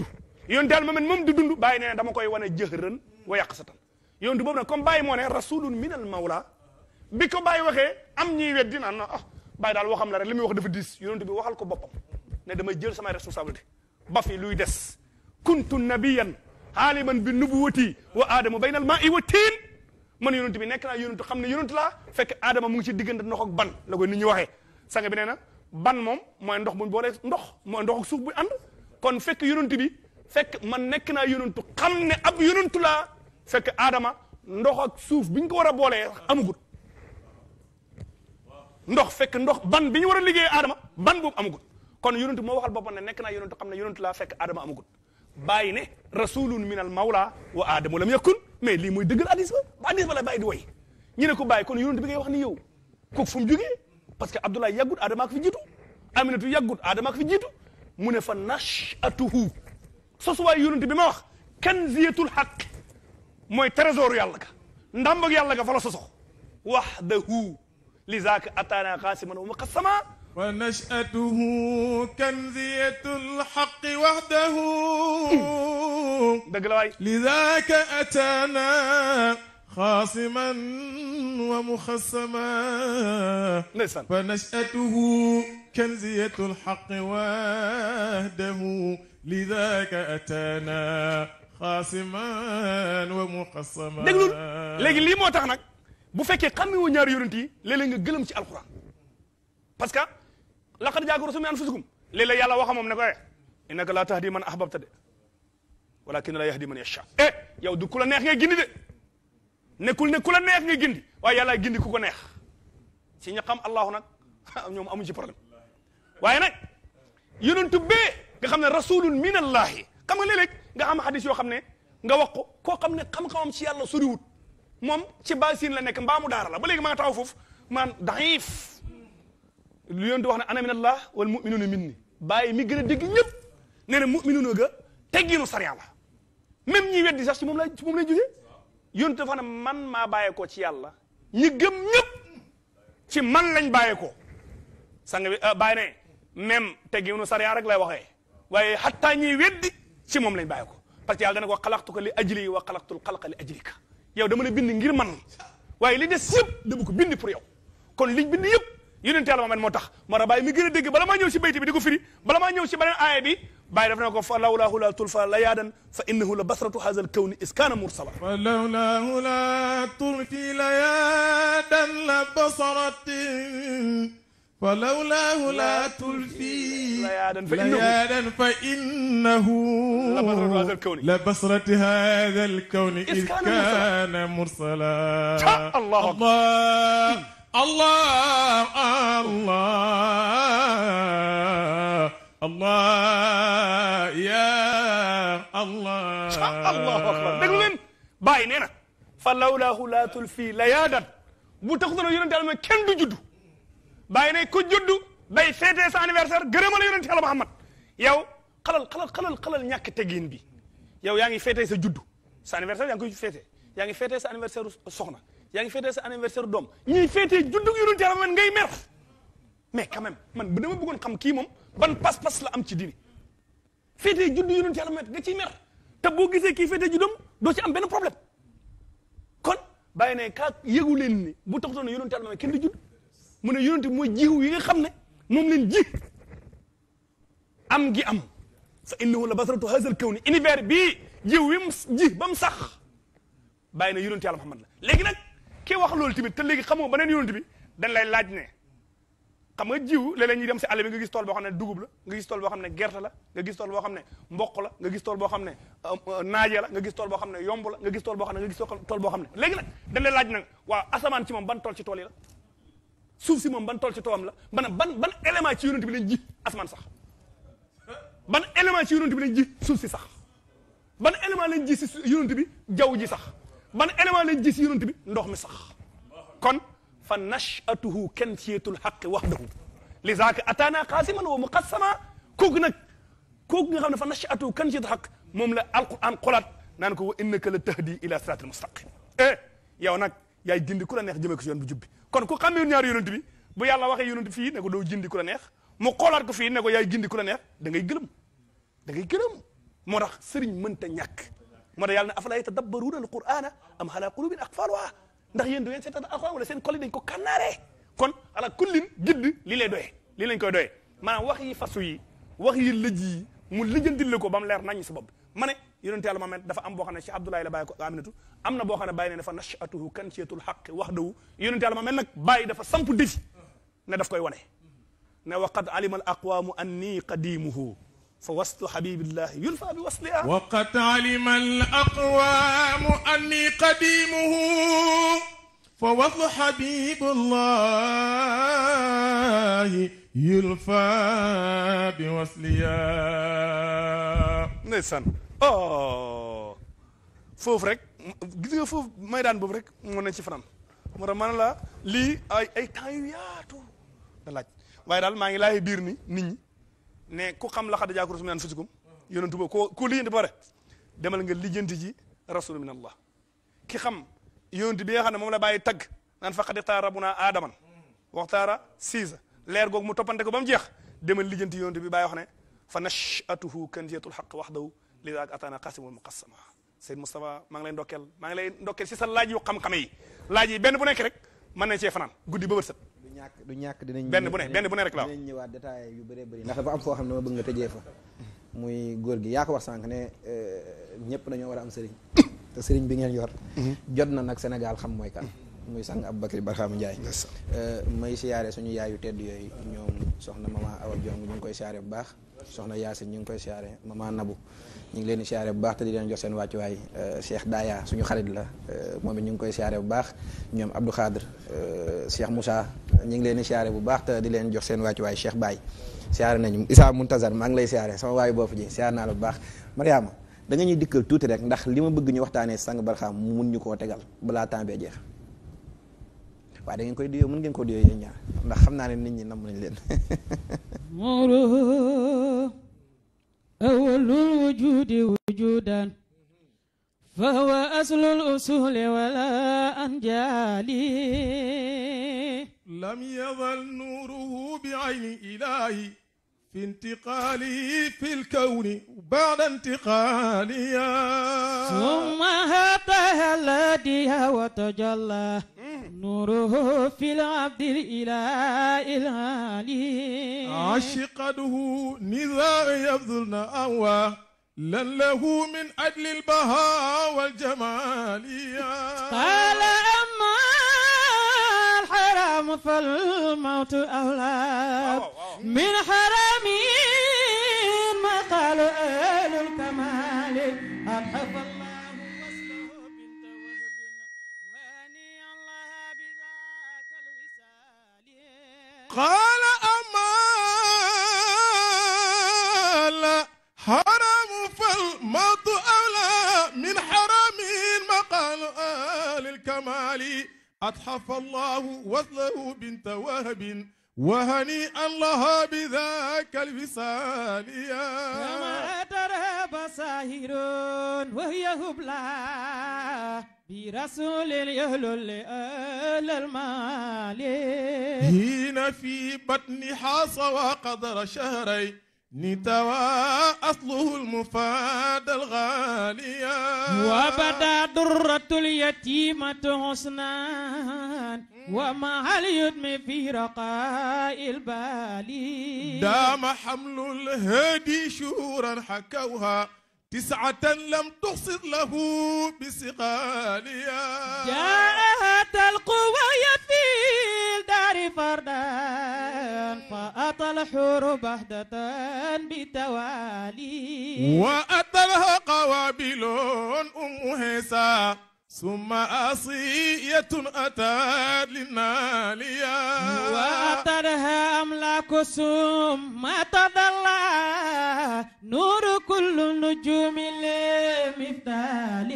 yoon daal man moom di dund bàyyi nee dama koy wane jëxëran wa yàq sa tan yoon du boobu nag comme bàyyi moo ne rasulun minal mawla bi ko bàyyi waxee am ñuy weddi naan ah bàyyi daal waxam la rek li muy wax dafa diis yonent bi waxal ko boppam ne damay jël samay responsabilité ba fi luy des kuntu nabiyan aaliman bi nubuwati wa aadama baynal maa i wa tiin man yonent bi nekk naa yonent xam ne yonent la fekk aadama mu ngi ci diggante ndox ak ban la koy nit ñi waxee sanga bi na ban moom mooy ndox buñ boole ndox mooy ndox ak suuf bu ànd kon fekk yonent bi fekk man nekk naa yonent xam ne ab yonent la fekk aadama ndox ak suuf biñ ko war a boolee amagut ndox fekk ndox ban bi ñu war a liggéey aadama ban boobu amagut kon yonent moo waxal boppam ne nekk naa yonent xam ne laa fekk aadama amagut bàyyi ne rasulun min al mawla wa aadamu lam yakun mais lii mooy dëgg hadis ba ba la bàyyi di woy ñu ne ko bàyyi ko yonent bi ngay wax ni yow kooku fu mu jógee parce que Abdoulaye yàggut aadama ko fi jiitu Aminatu yàggut aadama ko fi jiitu mu ne fa nashatuhu sosuwaay yonent bi ma wax kanziyatul haqq mooy trésor yàlla ga ndàmbag yàlla ga fa la sosox wahdahu li zaaka ataana qaasiman wa muqassama ونشأته كنزية الحق وحده لذاك أتانا خاصما ومخصما فنشأته كنزية الحق وحده لذاك أتانا خاصما ومخصما دغلول لغي لي موتاخ نك بو فكي خاميو ñaar yoonenti lele nga gëlem ci alquran parce que laqad jaakum rasulun min anfusikum léeg-la yàlla waxa moom ne ko eh innaka laa tahdi man ahbabta de walakin la yahdi man yasha eh yow du ku la neex nga gindi de nekkul ne ku la neex nga gindi waaye yàlla gindi ku ko neex si ña xam allahu nag ñoom amu ci problème waaye nag yonentu bee nga xam ne rasulun min allahi xam nga léeg-léeg nga am xadis yoo xam ne nga wax ko koo xam ne xam-xamam ci sori soriwut moom ci basin la nekk mbaamu daara la ba léegi ma nga taxaw foofu lu yoon di wax na ana min allah wal muminuuna min ni bàyyi mi gën a dégg ñëpp nee na muminuuna ga tegginu sariya la même ñi weddi sax ci moom la ci moom lay jógee yoon dafa ne man maa bàyyee ci yàlla ñi gëm ñëpp ci man lañ bàyyee ko sang bi ah, bàyyi ne même tegginu sariya rek lay waxee waaye xataa ñiy weddi ci moom lañ bàyyee ko parce que yàlla dana ko xalaqtuka li ajli wa xalaqtul xalqa li ajlika yow dama la bind ngir man waaye li des yëpp dama ko bind pour yow kon li bind yëpp yonent Yàlla Muhammad moo tax moo tax Baye mi gën a dégg bala maa ñëw si bayti bi di ko firi bala maa ñëw si beneen aaya bi Baye daf na ko fa lawlaahu laa tulfa layaadan fa innahu la basratu haza al kawni iskaana mursala fa lawlaahu laa tulfi layaadan la basaratin fa lawlaahu laa tulfi layaadan fa innahu la basratu haza al kawni iskaana mursala Allah الله الله الله يا الله الله أكبر déglu leen Baay nee na fa lawlaahu laa tulfi layaadat bu taxu doon yonente Yàlla kenn du juddu Baay ne ku juddu day féetee sa anniversaire gërëma la yonente Yàlla Muhammad yow xalal xalal xalal xalal ñàkk tegin bi yow yaa ngi féetee sa juddu sa anniversaire yaa ngi koy féetee yaa ngi féetee sa anniversaire soxna yaa ngi féetee sa anniversaire doom ñuy féetee juddug yonent yàlla man ngay mer mais quand même man bu ma bëggoon xam kii moom ban pas-pas la am ci diini féetee juddu yonent yàlla man nga ciy mer te boo gisee kii féetee juddam doo ci am benn problème kon bàyyi ne kaa yëgu leen ni bu taxutoon ne yonent yàlla man kenn du judd mu ne yonent mooy jiw yi nga xam ne moom leen ji am gi am sa fa innahu la basaratu hazal kawni univers bi jiw wi mu ji ba mu sax bàyyi ne yonent yàlla Muhammad la léegi nag ke wax loolu tamit te léegi xam nga beneen yonent bi dañ lay laaj ne xam nga jiw léeg-léeg ñuy dem si àll nga gis tool boo xam ne dugub la nga gis tool boo xam ne gerte la nga gis tool boo xam ne mboq la nga gis tool boo xam ne euh, euh, naaje la nga gis tool boo xam ne yomb la nga gis tool boo xam ne nga gis tool boo xam ne léegi nag dañ lay laaj nag waaw asamaan ci moom ban tool ci tool la suuf si moom ban tool ci toolam la ban ban ban élément ci yonent bi lañ ji asamaan sax ban élément ci yonent bi la ji suuf si sax ban élément lañ ji si yonent bi jaww ji sax ban élément lañ gis yonent bi ndox mi sax kon fa nachatuhu kansiyatul xaqi waxdahu li zaaka ataana qaasiman wa muqassama kooku nag kooku nga xam ne fa nachatuhu kansiyatul xaq moom la alquran xolaat naan ko wa innaka la tahdi ila siratil mustaqim eh yow nag yaay gindi ku la neex jëmee ko si yoon bu jubbi kon ku xamee ñaari yonent bi bu yàlla waxee yonent fii ne ko doo gindi ku la neex mu xoolaat ko fii ne ko yaay gindi ku la da ngay gëlëm da ngay gëlëm moo tax sëriñ mënta ñàkk moo tax yàlla ne afala yatadabbaruuna alqur'ana am ala qulubin aqfaluha ndax yéen du ngeen seetaan alquran wala seen xol dañ ko kànnaaree kon ala kullin gidd lii lay doyee lii lañ koy doyee maanaam wax yi fasu yi wax yi lëj yi mu lijjantil la ko ba mu leer nañ sa bopp ma ne yonent yàlla Muhammad dafa am boo xam ne ci Abdoulaye la bàyyi ko Aminatu am na boo xam ne bàyyi ne dafa nachatuhu kansiyatul xaq wahdahu yonent yàlla Muhammad nag bàyyi dafa samp dëj ne daf koy wane ne waqad alima al aqwamu anni qadimuhu fa waslu xabibillahi yulfa bi wasliha waqad alima al aqwamu anni qadimuhu fa waslu xabibillahi yulfa bi wasliha ndeysaan oh foofu rek gis nga foofu may daan boobu rek moo nañ ci fanam moo tax man la lii ay ay temps yu yaatu da laaj waaye daal maa ngi laay biir ni nit ñi ne ku xam la xad jaakum rasulun min anfusikum yonentu ba koo koo lijjanti ba demal nga lijjanti ji rasulun min allah ki xam yonentu bi nga xam ne moom la bàyyi tagg naan faqad ixtaara rabbuna aadaman waxtaara siisa leer googu mu toppante ko ba mu jeex demal lijjanti yonentu bi bàyyi wax ne fa nachatuhu kanziyatul xaq waxdahu lidaak ataana qasimul muqassama Seyd Moustapha maa ngi lay ndokkeel maa ngi lay ndokkeel si sa laaj yu xam-xame yi laaj yi benn bu nekk rek mën nañ cee fanaan guddi ba ñàkk du ñàkk dinañ. benn bu ne benn bu ne rek la dinañ ñëwaat détail yu bëree bëri ndax dafa am foo xam ne ma bëgg nga tëjee fa. muy góor gi yaa ko wax sànq ne euh, ñëpp nañoo war a am sëriñ te sëriñ bi ngeen yor. Mhm. jot na nag Sénégal xam mooy kan. muy sang Aboubacry Barham Ndiaye. Euh, may siyaare suñu yaayu tedd yooyu ñoom soxna mama Awa Diong ñu ngi koy siyaare bu baax. soxna Yaasin ñu ngi koy siyaare maman Nabou ñu ngi leen di siyaare bu baax te di leen jox seen wàccuwaay euh, Cheikh Daaya suñu xarit la euh, moom it ñu ngi koy siyaare bu baax ñoom Abdou Khadr euh, Cheikh Moussa ñu ngi leen di siyaare bu baax te di leen jox seen wàccuwaay Cheikh Baye siyaare nañu Issa Muntazar maa ngi lay siyaare sama waayu boobu ji siyaare naa la bu baax Mariama da nga ñuy dikkal tuuti rek ndax li ma bëgg ñu waxtaanee sang barxaam mu mun ñu koo tegal balaa temps jeex waaye da ngeen koy duyoo mën ngeen ko duyoo yéen ñaar ndax xam naa ne nit ñi namm nañ leen moro awalul wujudi wujudan fa huwa aslul usuli wala anjali lam yazal nuruhu bi ayni ilahi في انتقالي في الكون بعد انتقالي ثم هبها الهدي وتجلى نوره في العبد الإله العلي عشقته نذار يبذلن أواه لن له من أجل البهاء والجمال قال أما الحرام فالموت أولاد من حرم مقال أهل الكمال أبحث الله وصله بنت وهب واني الله بذاك الوسال قال أما حرم فالمط أولى من حرم مقال أهل الكمال أتحف الله وصله بنت وهب وهنيئا لها بذاك الفصال كما ترهب ساهر وهي هبلا برسول يهل لأهل المال هين في بطن حاص وقدر شهرين نتوى أصله المفاد الغالية وبدا درة اليتيمة حسنا ومع اليتم في رقاء البالي دام حمل الهدي شهورا حكوها تسعة لم تحصد له بسقاليا جاءت القوى في الأنوار فردا فأتى الحور بهدة بتوالي وأتى الهقى وابل أم هيسا ثم أصية أتت للنالية وأترها أملاك ثم تضلى نور كل نجوم المفتال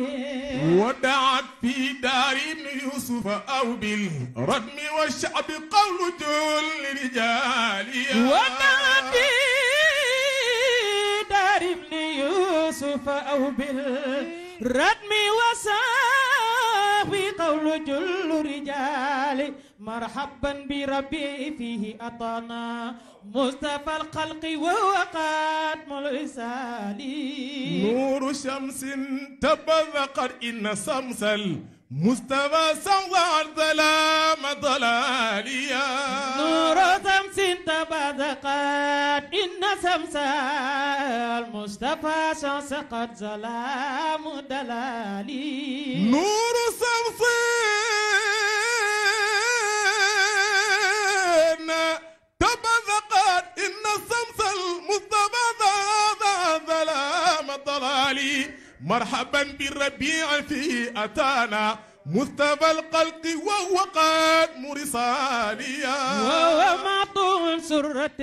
ودعت في دار ابن يوسف أو بالردم والشعب قول جل لرجالية ودعت في دار ابن يوسف أو بالردم وسال يحوي قول جل رجال مرحبا بربي فيه أطانا مصطفى الخلق ووقات ملسالي نور شمس تبذقر إن سمسل مستوى سوار ظلام ضلاليا نور شمس تبادقت إن شمس المصطفى شمس قد ظلام دلالي نور شمس تبادقت إن شمس المصطفى ظلام ضلالي مرحبا بالربيع في أتانا مصطفى القلق وهو قد مرساليا وهو معطون سرة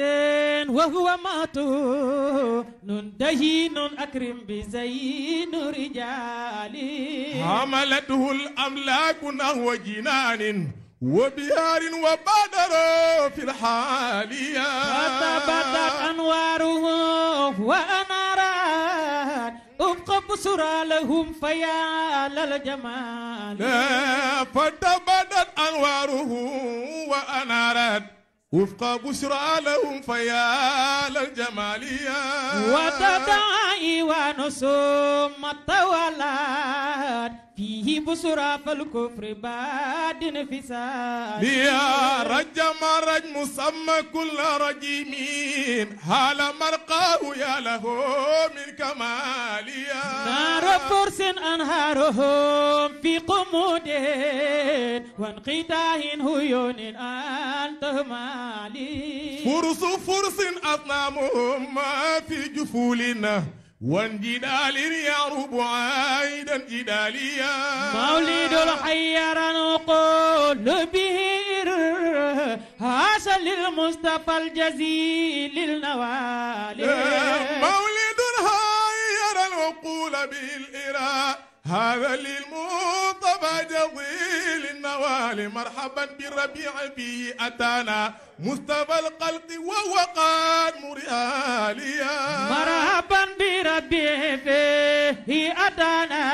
وهو معطون دهين أكرم بزين رجالي حملته الأملاك نهو جنان وبهار وبدر في الحالية وتبدت أنواره وأناران قبصرا لهم فيا للجمال فتبدت أنواره وأنارت وفق بشرى لهم فيا للجمالية وتدعى ونسوم الطوالات فيه بشرى فالكفر بعد انفصال يا رج مرج مسمى كل رجيم هال مرقاه يا له من كمالية نار فرس أنهارهم في قمود وانقطاع هيون أنتهما لي فرس فرس أصنامهم ما في جفولنا وانجدال يعرب عائدا جداليا مولد الحيران قول به حسن للمصطفى الجزيل النوالي مولد حيران وقول بالإراء هذا للمصطفى جميل النوال مرحبا بالربيع به أتانا مصطفى القلق وهو قاد مرياليا مرحبا بربيع به أتانا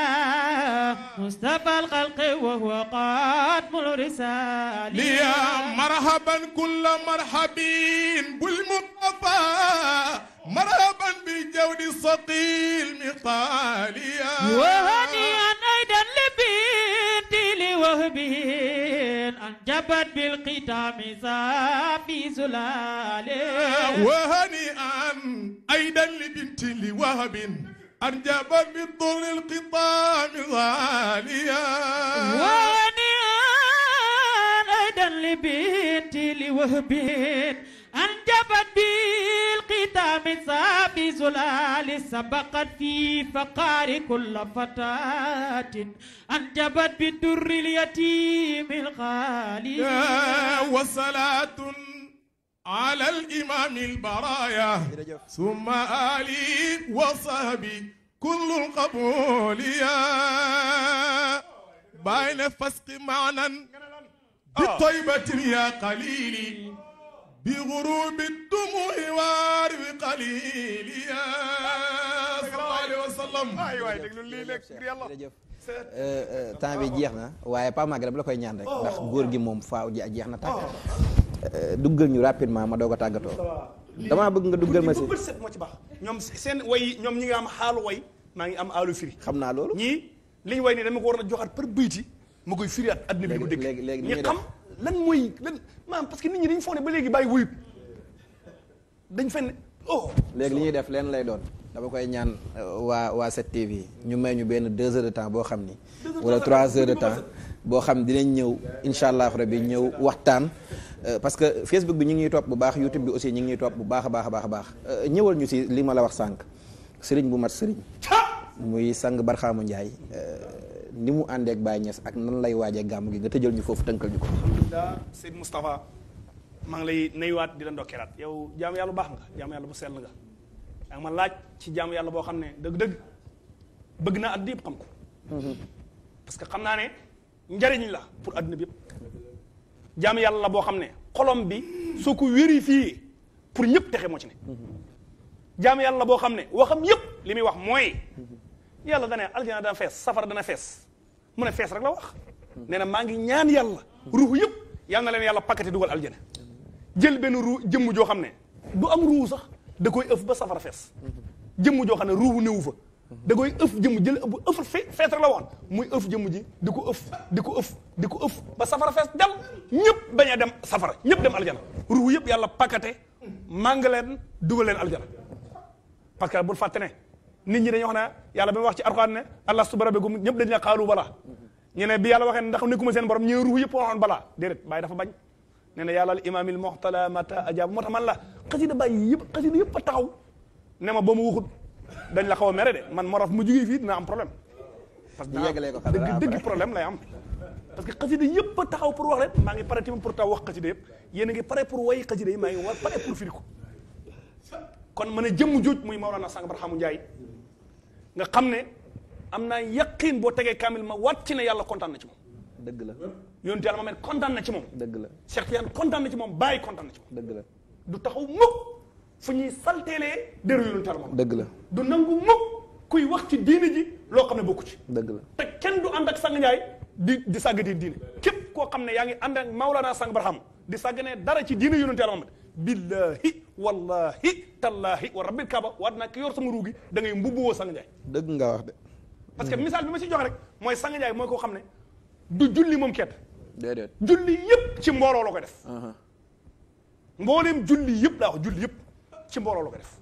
مصطفى الخلق وهو قاد الرساليا مرحبا كل مرحبين بالمصطفى مرحبا بجود الصقي المطاليا وهنيئا ايضا لبنت لوهبه انجبت بالقتام في زلاله وهنيئا ايضا لبنت لوهب انجبت بالضر القطام غاليا وهنيئا ايضا لبنت لوهب ذهبت بالقدام ذاب زلال سبقت في فقار كل فتاة أنجبت بالدر اليتيم الخالي وصلاة على الإمام البرايا ثم آلي وصحبي كل القبول يا بين فسق معنا بالطيبة يا قليلي بغروب الدموع وارف قليلي صلى الله عليه وسلم ايوه déglu lii nekk ngir euh, euh, temps bi jeex na waaye Pa Maguette dama la koy ñaan rek oh. ndax góor gi moom faaw jeex na tàgg oh. euh, duggal ñu rapidement ma doog a tàggatoo damaa bëgg nga duggal ma si set ñoom seen way ñoom ñi nga am xaalu way maa ngi am aalu firi xam naa loolu ñii li ñu way ne dama ko war a joxaat par bëyti ma koy firi adduna bi bu dégg léegi léegi ñi xam lan mooy lan maam parce que nit ñi dañu foog ba léegi bàyyi wuyut dañ fenn oh. léegi lu ñuy def leen lay doon dama koy ñaan euh, waa waa 7TV ñu may ñu benn deux heures de temps boo xam ni. wala trois heures de temps boo xam dinañ ñëw incha allah bi ñëw waxtaan. Euh, parce que Facebook bi ñu ngi topp bu baax YouTube bi aussi ñu ngi topp bu baax a baax a baax euh, ñëwal ñu si li ma la wax sànq sëriñ bu mat sëriñ. muy sang Barxaamu Njaay ni mu àndeek Baye Niass ak nan lay waajee gàmm gi nga tëjal ñu foofu tënkal ñu ko. alhamdulilah Seydou Moustapha maa ngi lay nuyuwaat di la ndokkeeraat yow jaamu yàlla bu baax nga jaamu yàlla bu sell nga ak ma laaj ci jaamu yàlla boo xam ne dëgg naa àddina xam ko. Mhm. que xam naa ne njariñ la pour àddina bi yëpp. jaamu la boo xam ne xolom bi soo ko vérifié pour ñëpp texe moo ci ne. Mhm. jaamu yàlla boo xam ne waxam yëpp li muy wax mooy. yàlla dana aljana dana fees safara dana fees mu ne fees rek la wax nee na maa ngi ñaan yàlla ruux yëpp yal na leen yàlla pakkati dugal aljana jël benn ruu jëmm joo xam ne du am ruu sax da koy ëf ba safara fees jëmm joo xam ne ruu néew fa da koy ëf jëmm jël bu ëf fees rek la woon muy ëf jëmm ji di ko ëf di ko ëf di ko ëf ba safara fees dal ñëpp bañ a dem safara ñëpp dem aljana ruux yëpp yàlla pakkate maa leen dugal leen aljana parce que bul fàtte nit ñi dañuy wax ne yàlla bi ma wax ci Alxuraan ne alastu bi rabbikum ñëpp dañu ne xaalu bala ñu ne bi yàlla waxee ndax nekkuma seen borom ñu ruux yëpp waxoon bala déedéet bàyyi dafa bañ ne na yàlla al imaamil moxtala mata ajab la xasida yëpp xasida yëpp a taxaw ne ma boo ma dañ la xaw a mere de man moo mu jugee fii dina am problème parce que dëgg dëgg problème lay am parce que yëpp taxaw pour wax leen maa ngi pare tamit pour taw wax xasida yëpp yéen a ngi pare pour way xasida yi maa ngi war pare pour firi ko a jëmm jooj muy Mawlana nga xam ne am naa yaqin boo tegee kaamil ma wat ci ne yàlla kontaan na ci moom. dëgg la yonent yàlla Muhammad kontaan na ci moom. dëgg la Cheikh Tidiane kontaan na ci moom Baye kontaan na ci moom. la du taxaw mukk fu ñuy sal déru yonent yàlla moom. dëgg la du nangu mukk kuy wax ci diine ji loo xam ne bokku ci. dëgg la te kenn du ànd ak sang Ndiaye di di sàgg di diine képp koo xam ne yaa ngi ànd ak Maulana sang Barham di sàgg ne dara ci diine yonent yàlla Muhammad billahi wallahi tallahi wa rabbil kaaba waat naa ki yor sama ruugi da ngay mbubbuwoo sang njaay dëgg nga wax de parce que misaal bi ma ci joxe rek mooy sang njaay mooy koo xam ne du julli moom kett déedéet julli yëpp ci mbooloo la koy def mbooleem julli yëpp laa wax julli yëpp ci mbooloo la def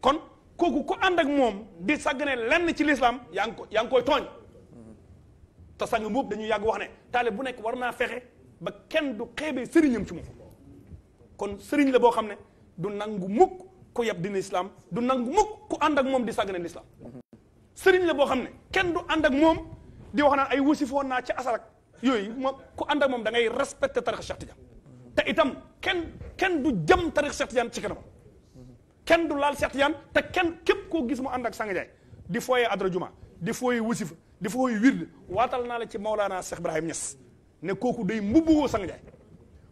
kon kooku ko ànd ak moom di sàggane lenn ci lislaam yaa ngi ko yaa ngi koy tooñ te sang boobu dañuy yàgg wax ne taale bu nekk war naa fexe ba kenn du xeebee sëriñam ci moom kon sëriñ la boo xam ne du nangu muk ku yab dina islam du nangu muk ku ànd moom di sàggane lislaam sëriñ la boo xam ne kenn du ànd ak moom di wax naan ay wasifoon naa ci asarak yooyu moom ku ànd moom da ngay respecté tarix Cheikh Tidiane te itam kenn kenn du jëm tarix Cheikh Tidiane ci kanamam kenn du laal Cheikh Tidiane te kenn képp koo gis mu ànd ak Sanga Njaay di fooyee adra juma di fooyee wasifa di fooyee wird waatal naa la ci Maulana Cheikh Ibrahim Niass ne kooku day mbubboo Sanga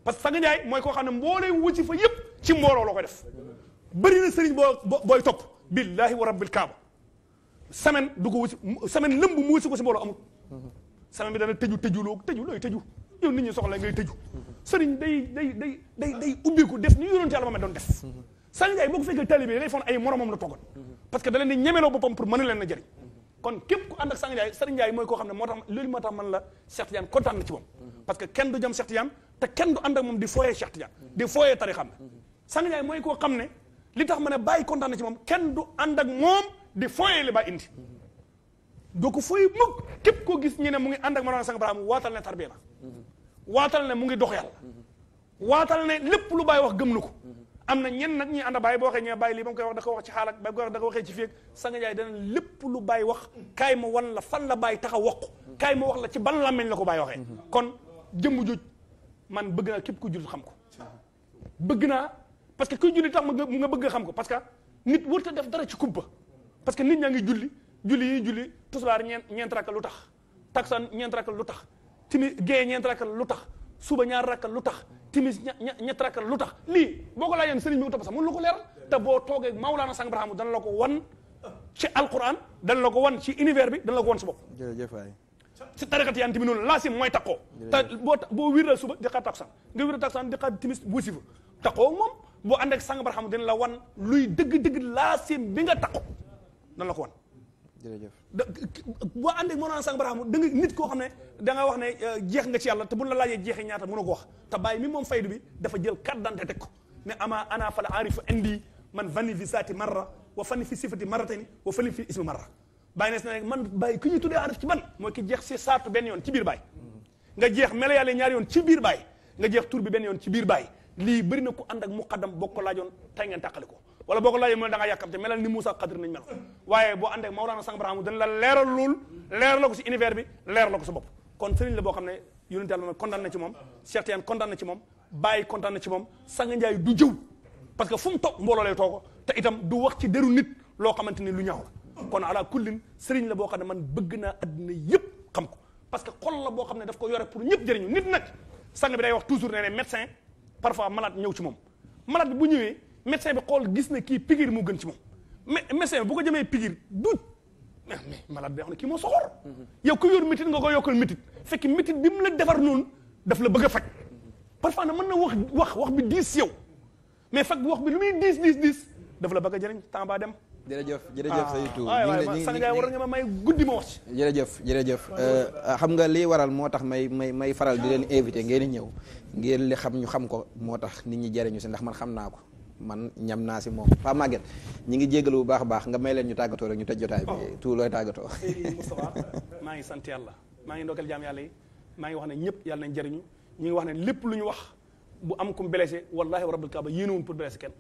parce que Sanga Ndiaye mooy koo xam ne mbooleem wuti fa yëpp ci mbooloo la ko def boo booy topp billahi wa rabbil kaaba semaine du ko wuti semaine lëmb mu wuti ko si mbooloo amul semaine bi dana tëju tëju loo tëju looy tëju yow nit ñi soxla ngay tëju sëriñ day day day day day ubbiku def ni yonent la pour mën a leen mooy koo xam ne moo tax moo tax man la Cheikh Tidiane kontaan na ci moom parce que kenn du jam Cheikh Tidiane te kenn du ànd moom di fooyee Cheikh Tidiane di fooyee tarixam Sanga Ndiaye mooy koo xam ne li tax ma ne bàyyi kontaan na ci moom kenn du ànd ak moom di fooyee li ba indi doo ko fooy mukk képp koo gis ñu ne mu ngi ànd ak Mawlana Sanga Ibrahima waatal ne tarbiya na waatal ne mu ngi dox yàlla waatal ne lépp lu bàyyi wax gëm na ko am na ñenn nag ñuy ànd bàyyi boo waxee ñu bàyyi lii ba mu koy wax da wax ci xaalak ba koy wax da waxee ci fieg Sanga Ndiaye dana lépp lu bàyyi wax kaay ma wan la fan la bàyyi tax wax kaay ma wax la ci ban làmmiñ la ko bàyyi waxee kon jëmm joj man bëgg naa képp ku jullit xam ko bëgg naa parce que kuy julli tax nga bëgg xam ko parce que nit warut def dara ci kumpa parce que nit ñaa ngi julli julli yi julli tusbaar ñeent ñeent lu tax taksan ñeent rakkal lu tax timis gée ñeent rakkal lu tax suba ñaar rakkal lu tax timis ñett rakkal lu tax lii boo ko laajee sëriñ bi mu tabasa mun lu ko leeral te boo toogee Maulana Sang Ibrahima dana la ko wan ci alquran dana la ko wan ci univers bi dana la ko wan sa bopp si tariqat yaan tamit noonu laa si mooy takkoo te boo boo wiiral suba di xaar takkusaan nga wiiral takkusaan di xaar timis wusi fa takkoo moom boo ànd ak sang barxam dina luy dëgg-dëgg laa si bi nga takko nan la ko wan jërëjëf boo àndee moo naan sang baraxamu da nga nit koo xam ne danga wax ne eh, jeex nga ci yàlla te buñ la laajee jeexee ñaata mënoo ko wax te baay mi moom fay bi dafa jël carte d'identité teg ko ne ama ana fala aarifu indi man vanni fi saati marra wa fanni fi sifati marratayni wa fanni fi ismi mara bàyyi na ne man bàyyi ku ñuy tuddee arif ci ban mooy ki jeex si saatu benn yoon ci biir baay nga jeex melo yàlla ñaari yoon ci biir baay nga jeex tur bi benn yoon ci biir baay lii bëri na ko ànd ak muqaddam boo ko laajoon tey ngeen tàqale ko wala boo ko laajee mooy da ngaa yàkkamte melal ni Moussa Xadir nañ mel waaye boo ànd ak Mawlana Sang Brahma dañ la leeral lool leeral la ko si univers bi leeral la ko sa bopp kon sëriñ la boo xam ne yonent yàlla kontaan na ci moom Cheikh Tidiane kontaan na ci moom Baye kontaan na ci moom Sang Njaay du jëw parce que fu mu toog mbooloo lay te itam du wax ci deru nit loo xamante ni lu ñaaw kon ala kullin sëriñ la boo xam ne man bëgg naa àdduna yëpp xam ko parce que xol la boo xam ne daf ko yore pour ñëpp jëriñu nit nag sang bi day wax toujours nee ne médecin parfois malade ñëw ci moom malade bi bu ñëwee médecin bi xool gis na kii pigir mu gën ci moom mais médecin bi bu ko jëmee pigir duut mais malade bi wax ne kii moo soxor yow ku yor métit nga ko yokkal métit fekk métit bi mu la defar noonu daf la bëgg a faj parfois na man na wax wax wax bi diis yow mais fekk wax bi lu muy diis diis diis daf la bëgg jëriñ temps dem jërëjëf ah. jërëjëf Seydou Touré ñu ngi Sénégal war ma may guddi ma wax jërëjëf jërëjëf euh, xam nga li waral moo tax may may may faral di leen invité ngeen di ñëw ngeen li xam ñu xam ko moo tax nit ñi jariñu si ndax man xam naa ko man ñam naa si moom Pa Maguette ñi ngi jégalu bu baax baax nga may leen ñu tàggatoo rek ñu tëj jotaay bi oh. tout looy tàggatoo maa ngi sant yàlla maa ngi ndokkal jaam yàlla yi maa ngi wax ne ñëpp yàlla nañ jëriñu ñu ngi wax ne lépp lu ñu wax bu am kum blessé wallahi wa rabbil kaaba yéenewuñ pour blessé kenn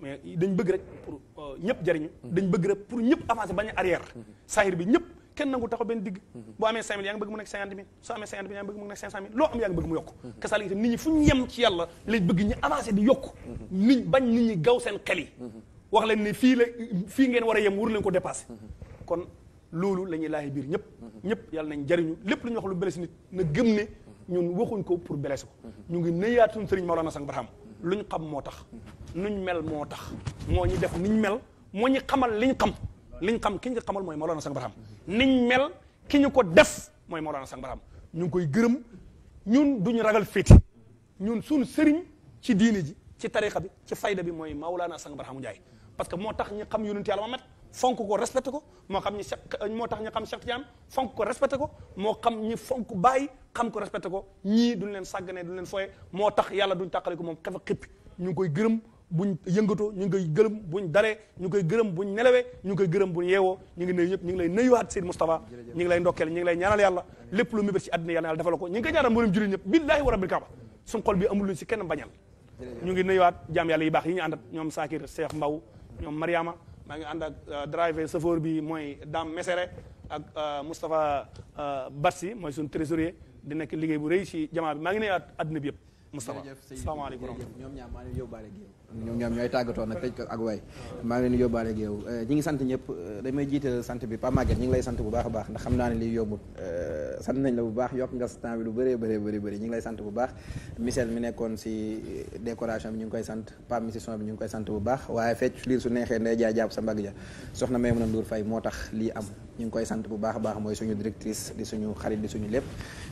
mais dañ bëgg rek pour euh, ñëpp jariñu dañ bëgg rek pour ñëpp bañ arrière saahir bi ñëpp kenn nangu taxaw benn digg boo amee 5000 yaa ngi bëgg mu nekk 50 mille soo loo am yaa ngi bëgg mu yokk kasaalik itam nit ñi fu ñu yem ci yàlla lañ bëgg ñu avancer di yokk nit bañ nit ñi gaw seen xel wax leen ne fii la fii ngeen war a yem wur leen ko dépasser kon loolu la ñuy laaye biir ñëpp ñëpp yàlla nañ jariñu lépp lu wax lu blessé nit na gëm ne ñun waxuñ ko pour blesser ko ñu ngi nëyaat suñu sëriñ Maolana Sang Barham luñ xam moo tax nuñ mel moo tax moo ñu def niñ mel moo ñu xamal liñ xam liñ xam ki ñu xamal mooy Maolana Sang Barham niñ mel ki ñu ko def mooy Maolana Sang Barham ñu ngi koy gërëm ñun duñu ragal féeti ñun suñu sëriñ ci diini ji ci tarixa bi ci fayda bi mooy Maolana Sang Barhamu Njaay parce que moo tax ñi xam yonent Yàlla Muhammad fonk ko respecté ko moo xam ni Cheikh moo tax ñu xam Cheikh Tidiane fonk ko respecté ko moo xam ñi fonk bàyyi xam ko respecté ko ñii duñ leen sàgganee du leen foye moo tax yàlla duñ tàqale ko moom xefa xippi ñu ngi koy gërëm buñ yëngatoo ñu ngi koy gërëm buñ dalee ñu ngi gërëm buñ nelawee ñu koy gërëm buñ yeewoo ñu ngi nuyu ñëpp ñu ngi lay nuyuwaat Seydou Moustapha ñu ngi lay ndokkeel ñu ngi lay ñaanal yàlla lépp lu mébét ci àddina yàlla yàlla defal ko ñu ngi koy ñaanal mboolem jullit ñëpp billaahi wa rabbil kaaba suñ xol bi amul luñ kenn bañal ñu ngi nuyuwaat jaam yàlla yi baax yi ñu àndat ñoom Saakir Cheikh Mbaw ñoom Mariama maa ngi ànd ak euh, driver chauffeur bi mooy Dame Mesere ak euh, Moustapha euh, Batsi mooy suñu trésorier dina ki liggéey bu rëy ci jamaa bi maa ngi ne àdduna bi yëpp Moustapha salaamaaleykum ñoom ñaar maa ngi ñoom ñooy tàggatoon nag tëj ko ak waay maa ngi leen yóbbaale ak yow eh, ngi sant ñëpp eh, damay jiite sant bi Pa Maguette ñi ngi lay sant bu baax a baax ndax xam naa ne liy yombut eh, sant nañ la bu baax yokk nga temps bi lu bëree bëree bëri bëri ñi ngi lay sant bu baax Michel mi nekkoon si décoration bi ñu ngi koy sant Pa mission bi ñu ngi koy sant bu baax waaye fecc liir su neexee ndey jaay jàpp sa mbagg ja soxna may mën a nduur fay moo tax lii am ñu ngi koy sant bu baax a baax mooy suñu directrice di suñu xarit di suñu lépp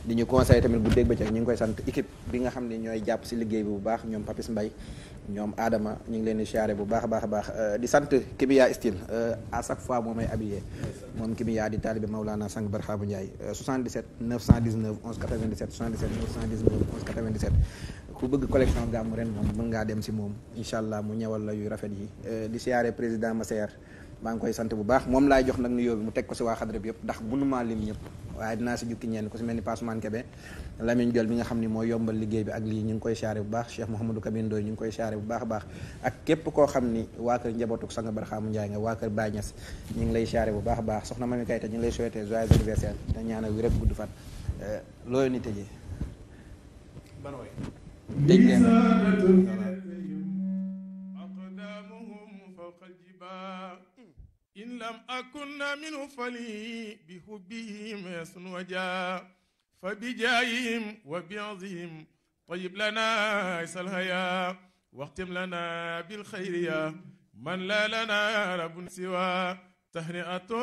di ñu conseil tamit bu dégg bëccëg ñu ngi koy sant équipe bi nga xam ne ñooy jàpp si liggéey bi bu baax ñoom Papis Mbaye ñoom Adama ñu ngi leen di siyaare bu baax a baax a baax euh, di sant Kibiya style euh, à chaque fois moo may habillé moom Kibiya di taalibe Maulana Sang Barxaabu Ndiaye 77 919 11 97 77 919 11 97 ku bëgg collection gàmmu ren moom mën ngaa dem si moom incha allah mu ñëwal la yu rafet yi euh, di siyaare président Massaer. maa ngi koy sant bu baax moom laay jox nag nu yóbbu mu teg ko si waa xadra bi yëpp ndax bunu lim ñëpp waaye dinaa si jukki ñenn ku si mel ni Passemane Kébé Lamine Diol mi nga xam ni mooy yombal liggéey bi ak lii ñu ngi koy saare bu baax Cheikh Mouhamadou Kabine Ndoye ñu ngi koy saare bu baax a baax ak képp koo xam ni waa njabootuk Sanga Barxaamu Njaay nga waa kër Bañas ñu ngi lay saare bu baax a baax soxna Mami Kayta ñu ngi lay souhaité joyeux anniversaire te ñaanal إن لم أكن منه فلي بحبهم يسن وجا فبجايهم وبعظهم طيب لنا عيسى الهيا واختم لنا بالخير يا من لا لنا رب سوى تهنئة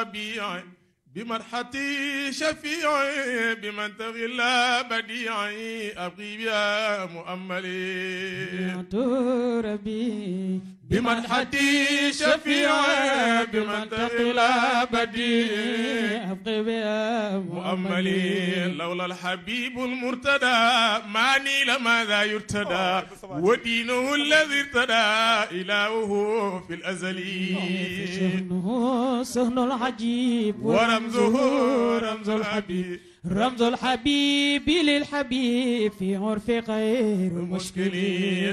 ربيع بمرحتي شفيعي بمن تغلى بديعي أبغي يا مؤملي ربي بمن حدي شفيع بمن تقل بدي مؤملي لولا الحبيب المرتدى ماني لماذا يرتدى ودينه الذي ارتدى إلهه في الأزل سهن العجيب ورمزه رمز الحبيب رمز الحبيب للحبيب في عرف غير المشكل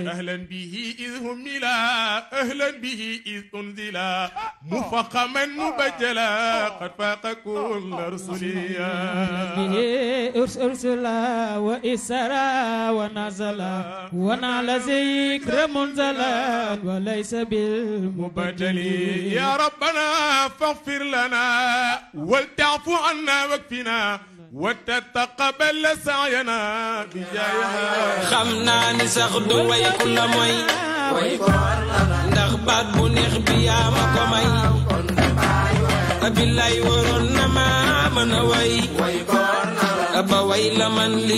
أهلا به إذ هملا أهلا به إذ أنزلا مفقما مبجلا قد فاق كل رسوليا أرسلا وإسرا ونزلا ونال ذكر منزلا وليس بالمبجل يا ربنا فاغفر لنا والتعفو عنا واكفنا وتتقبل سعينا بجايها خمنا نسخد ويكل موي ndax baat bu neex bi yaa ma ko may abilaay na ma mën a way ba la man li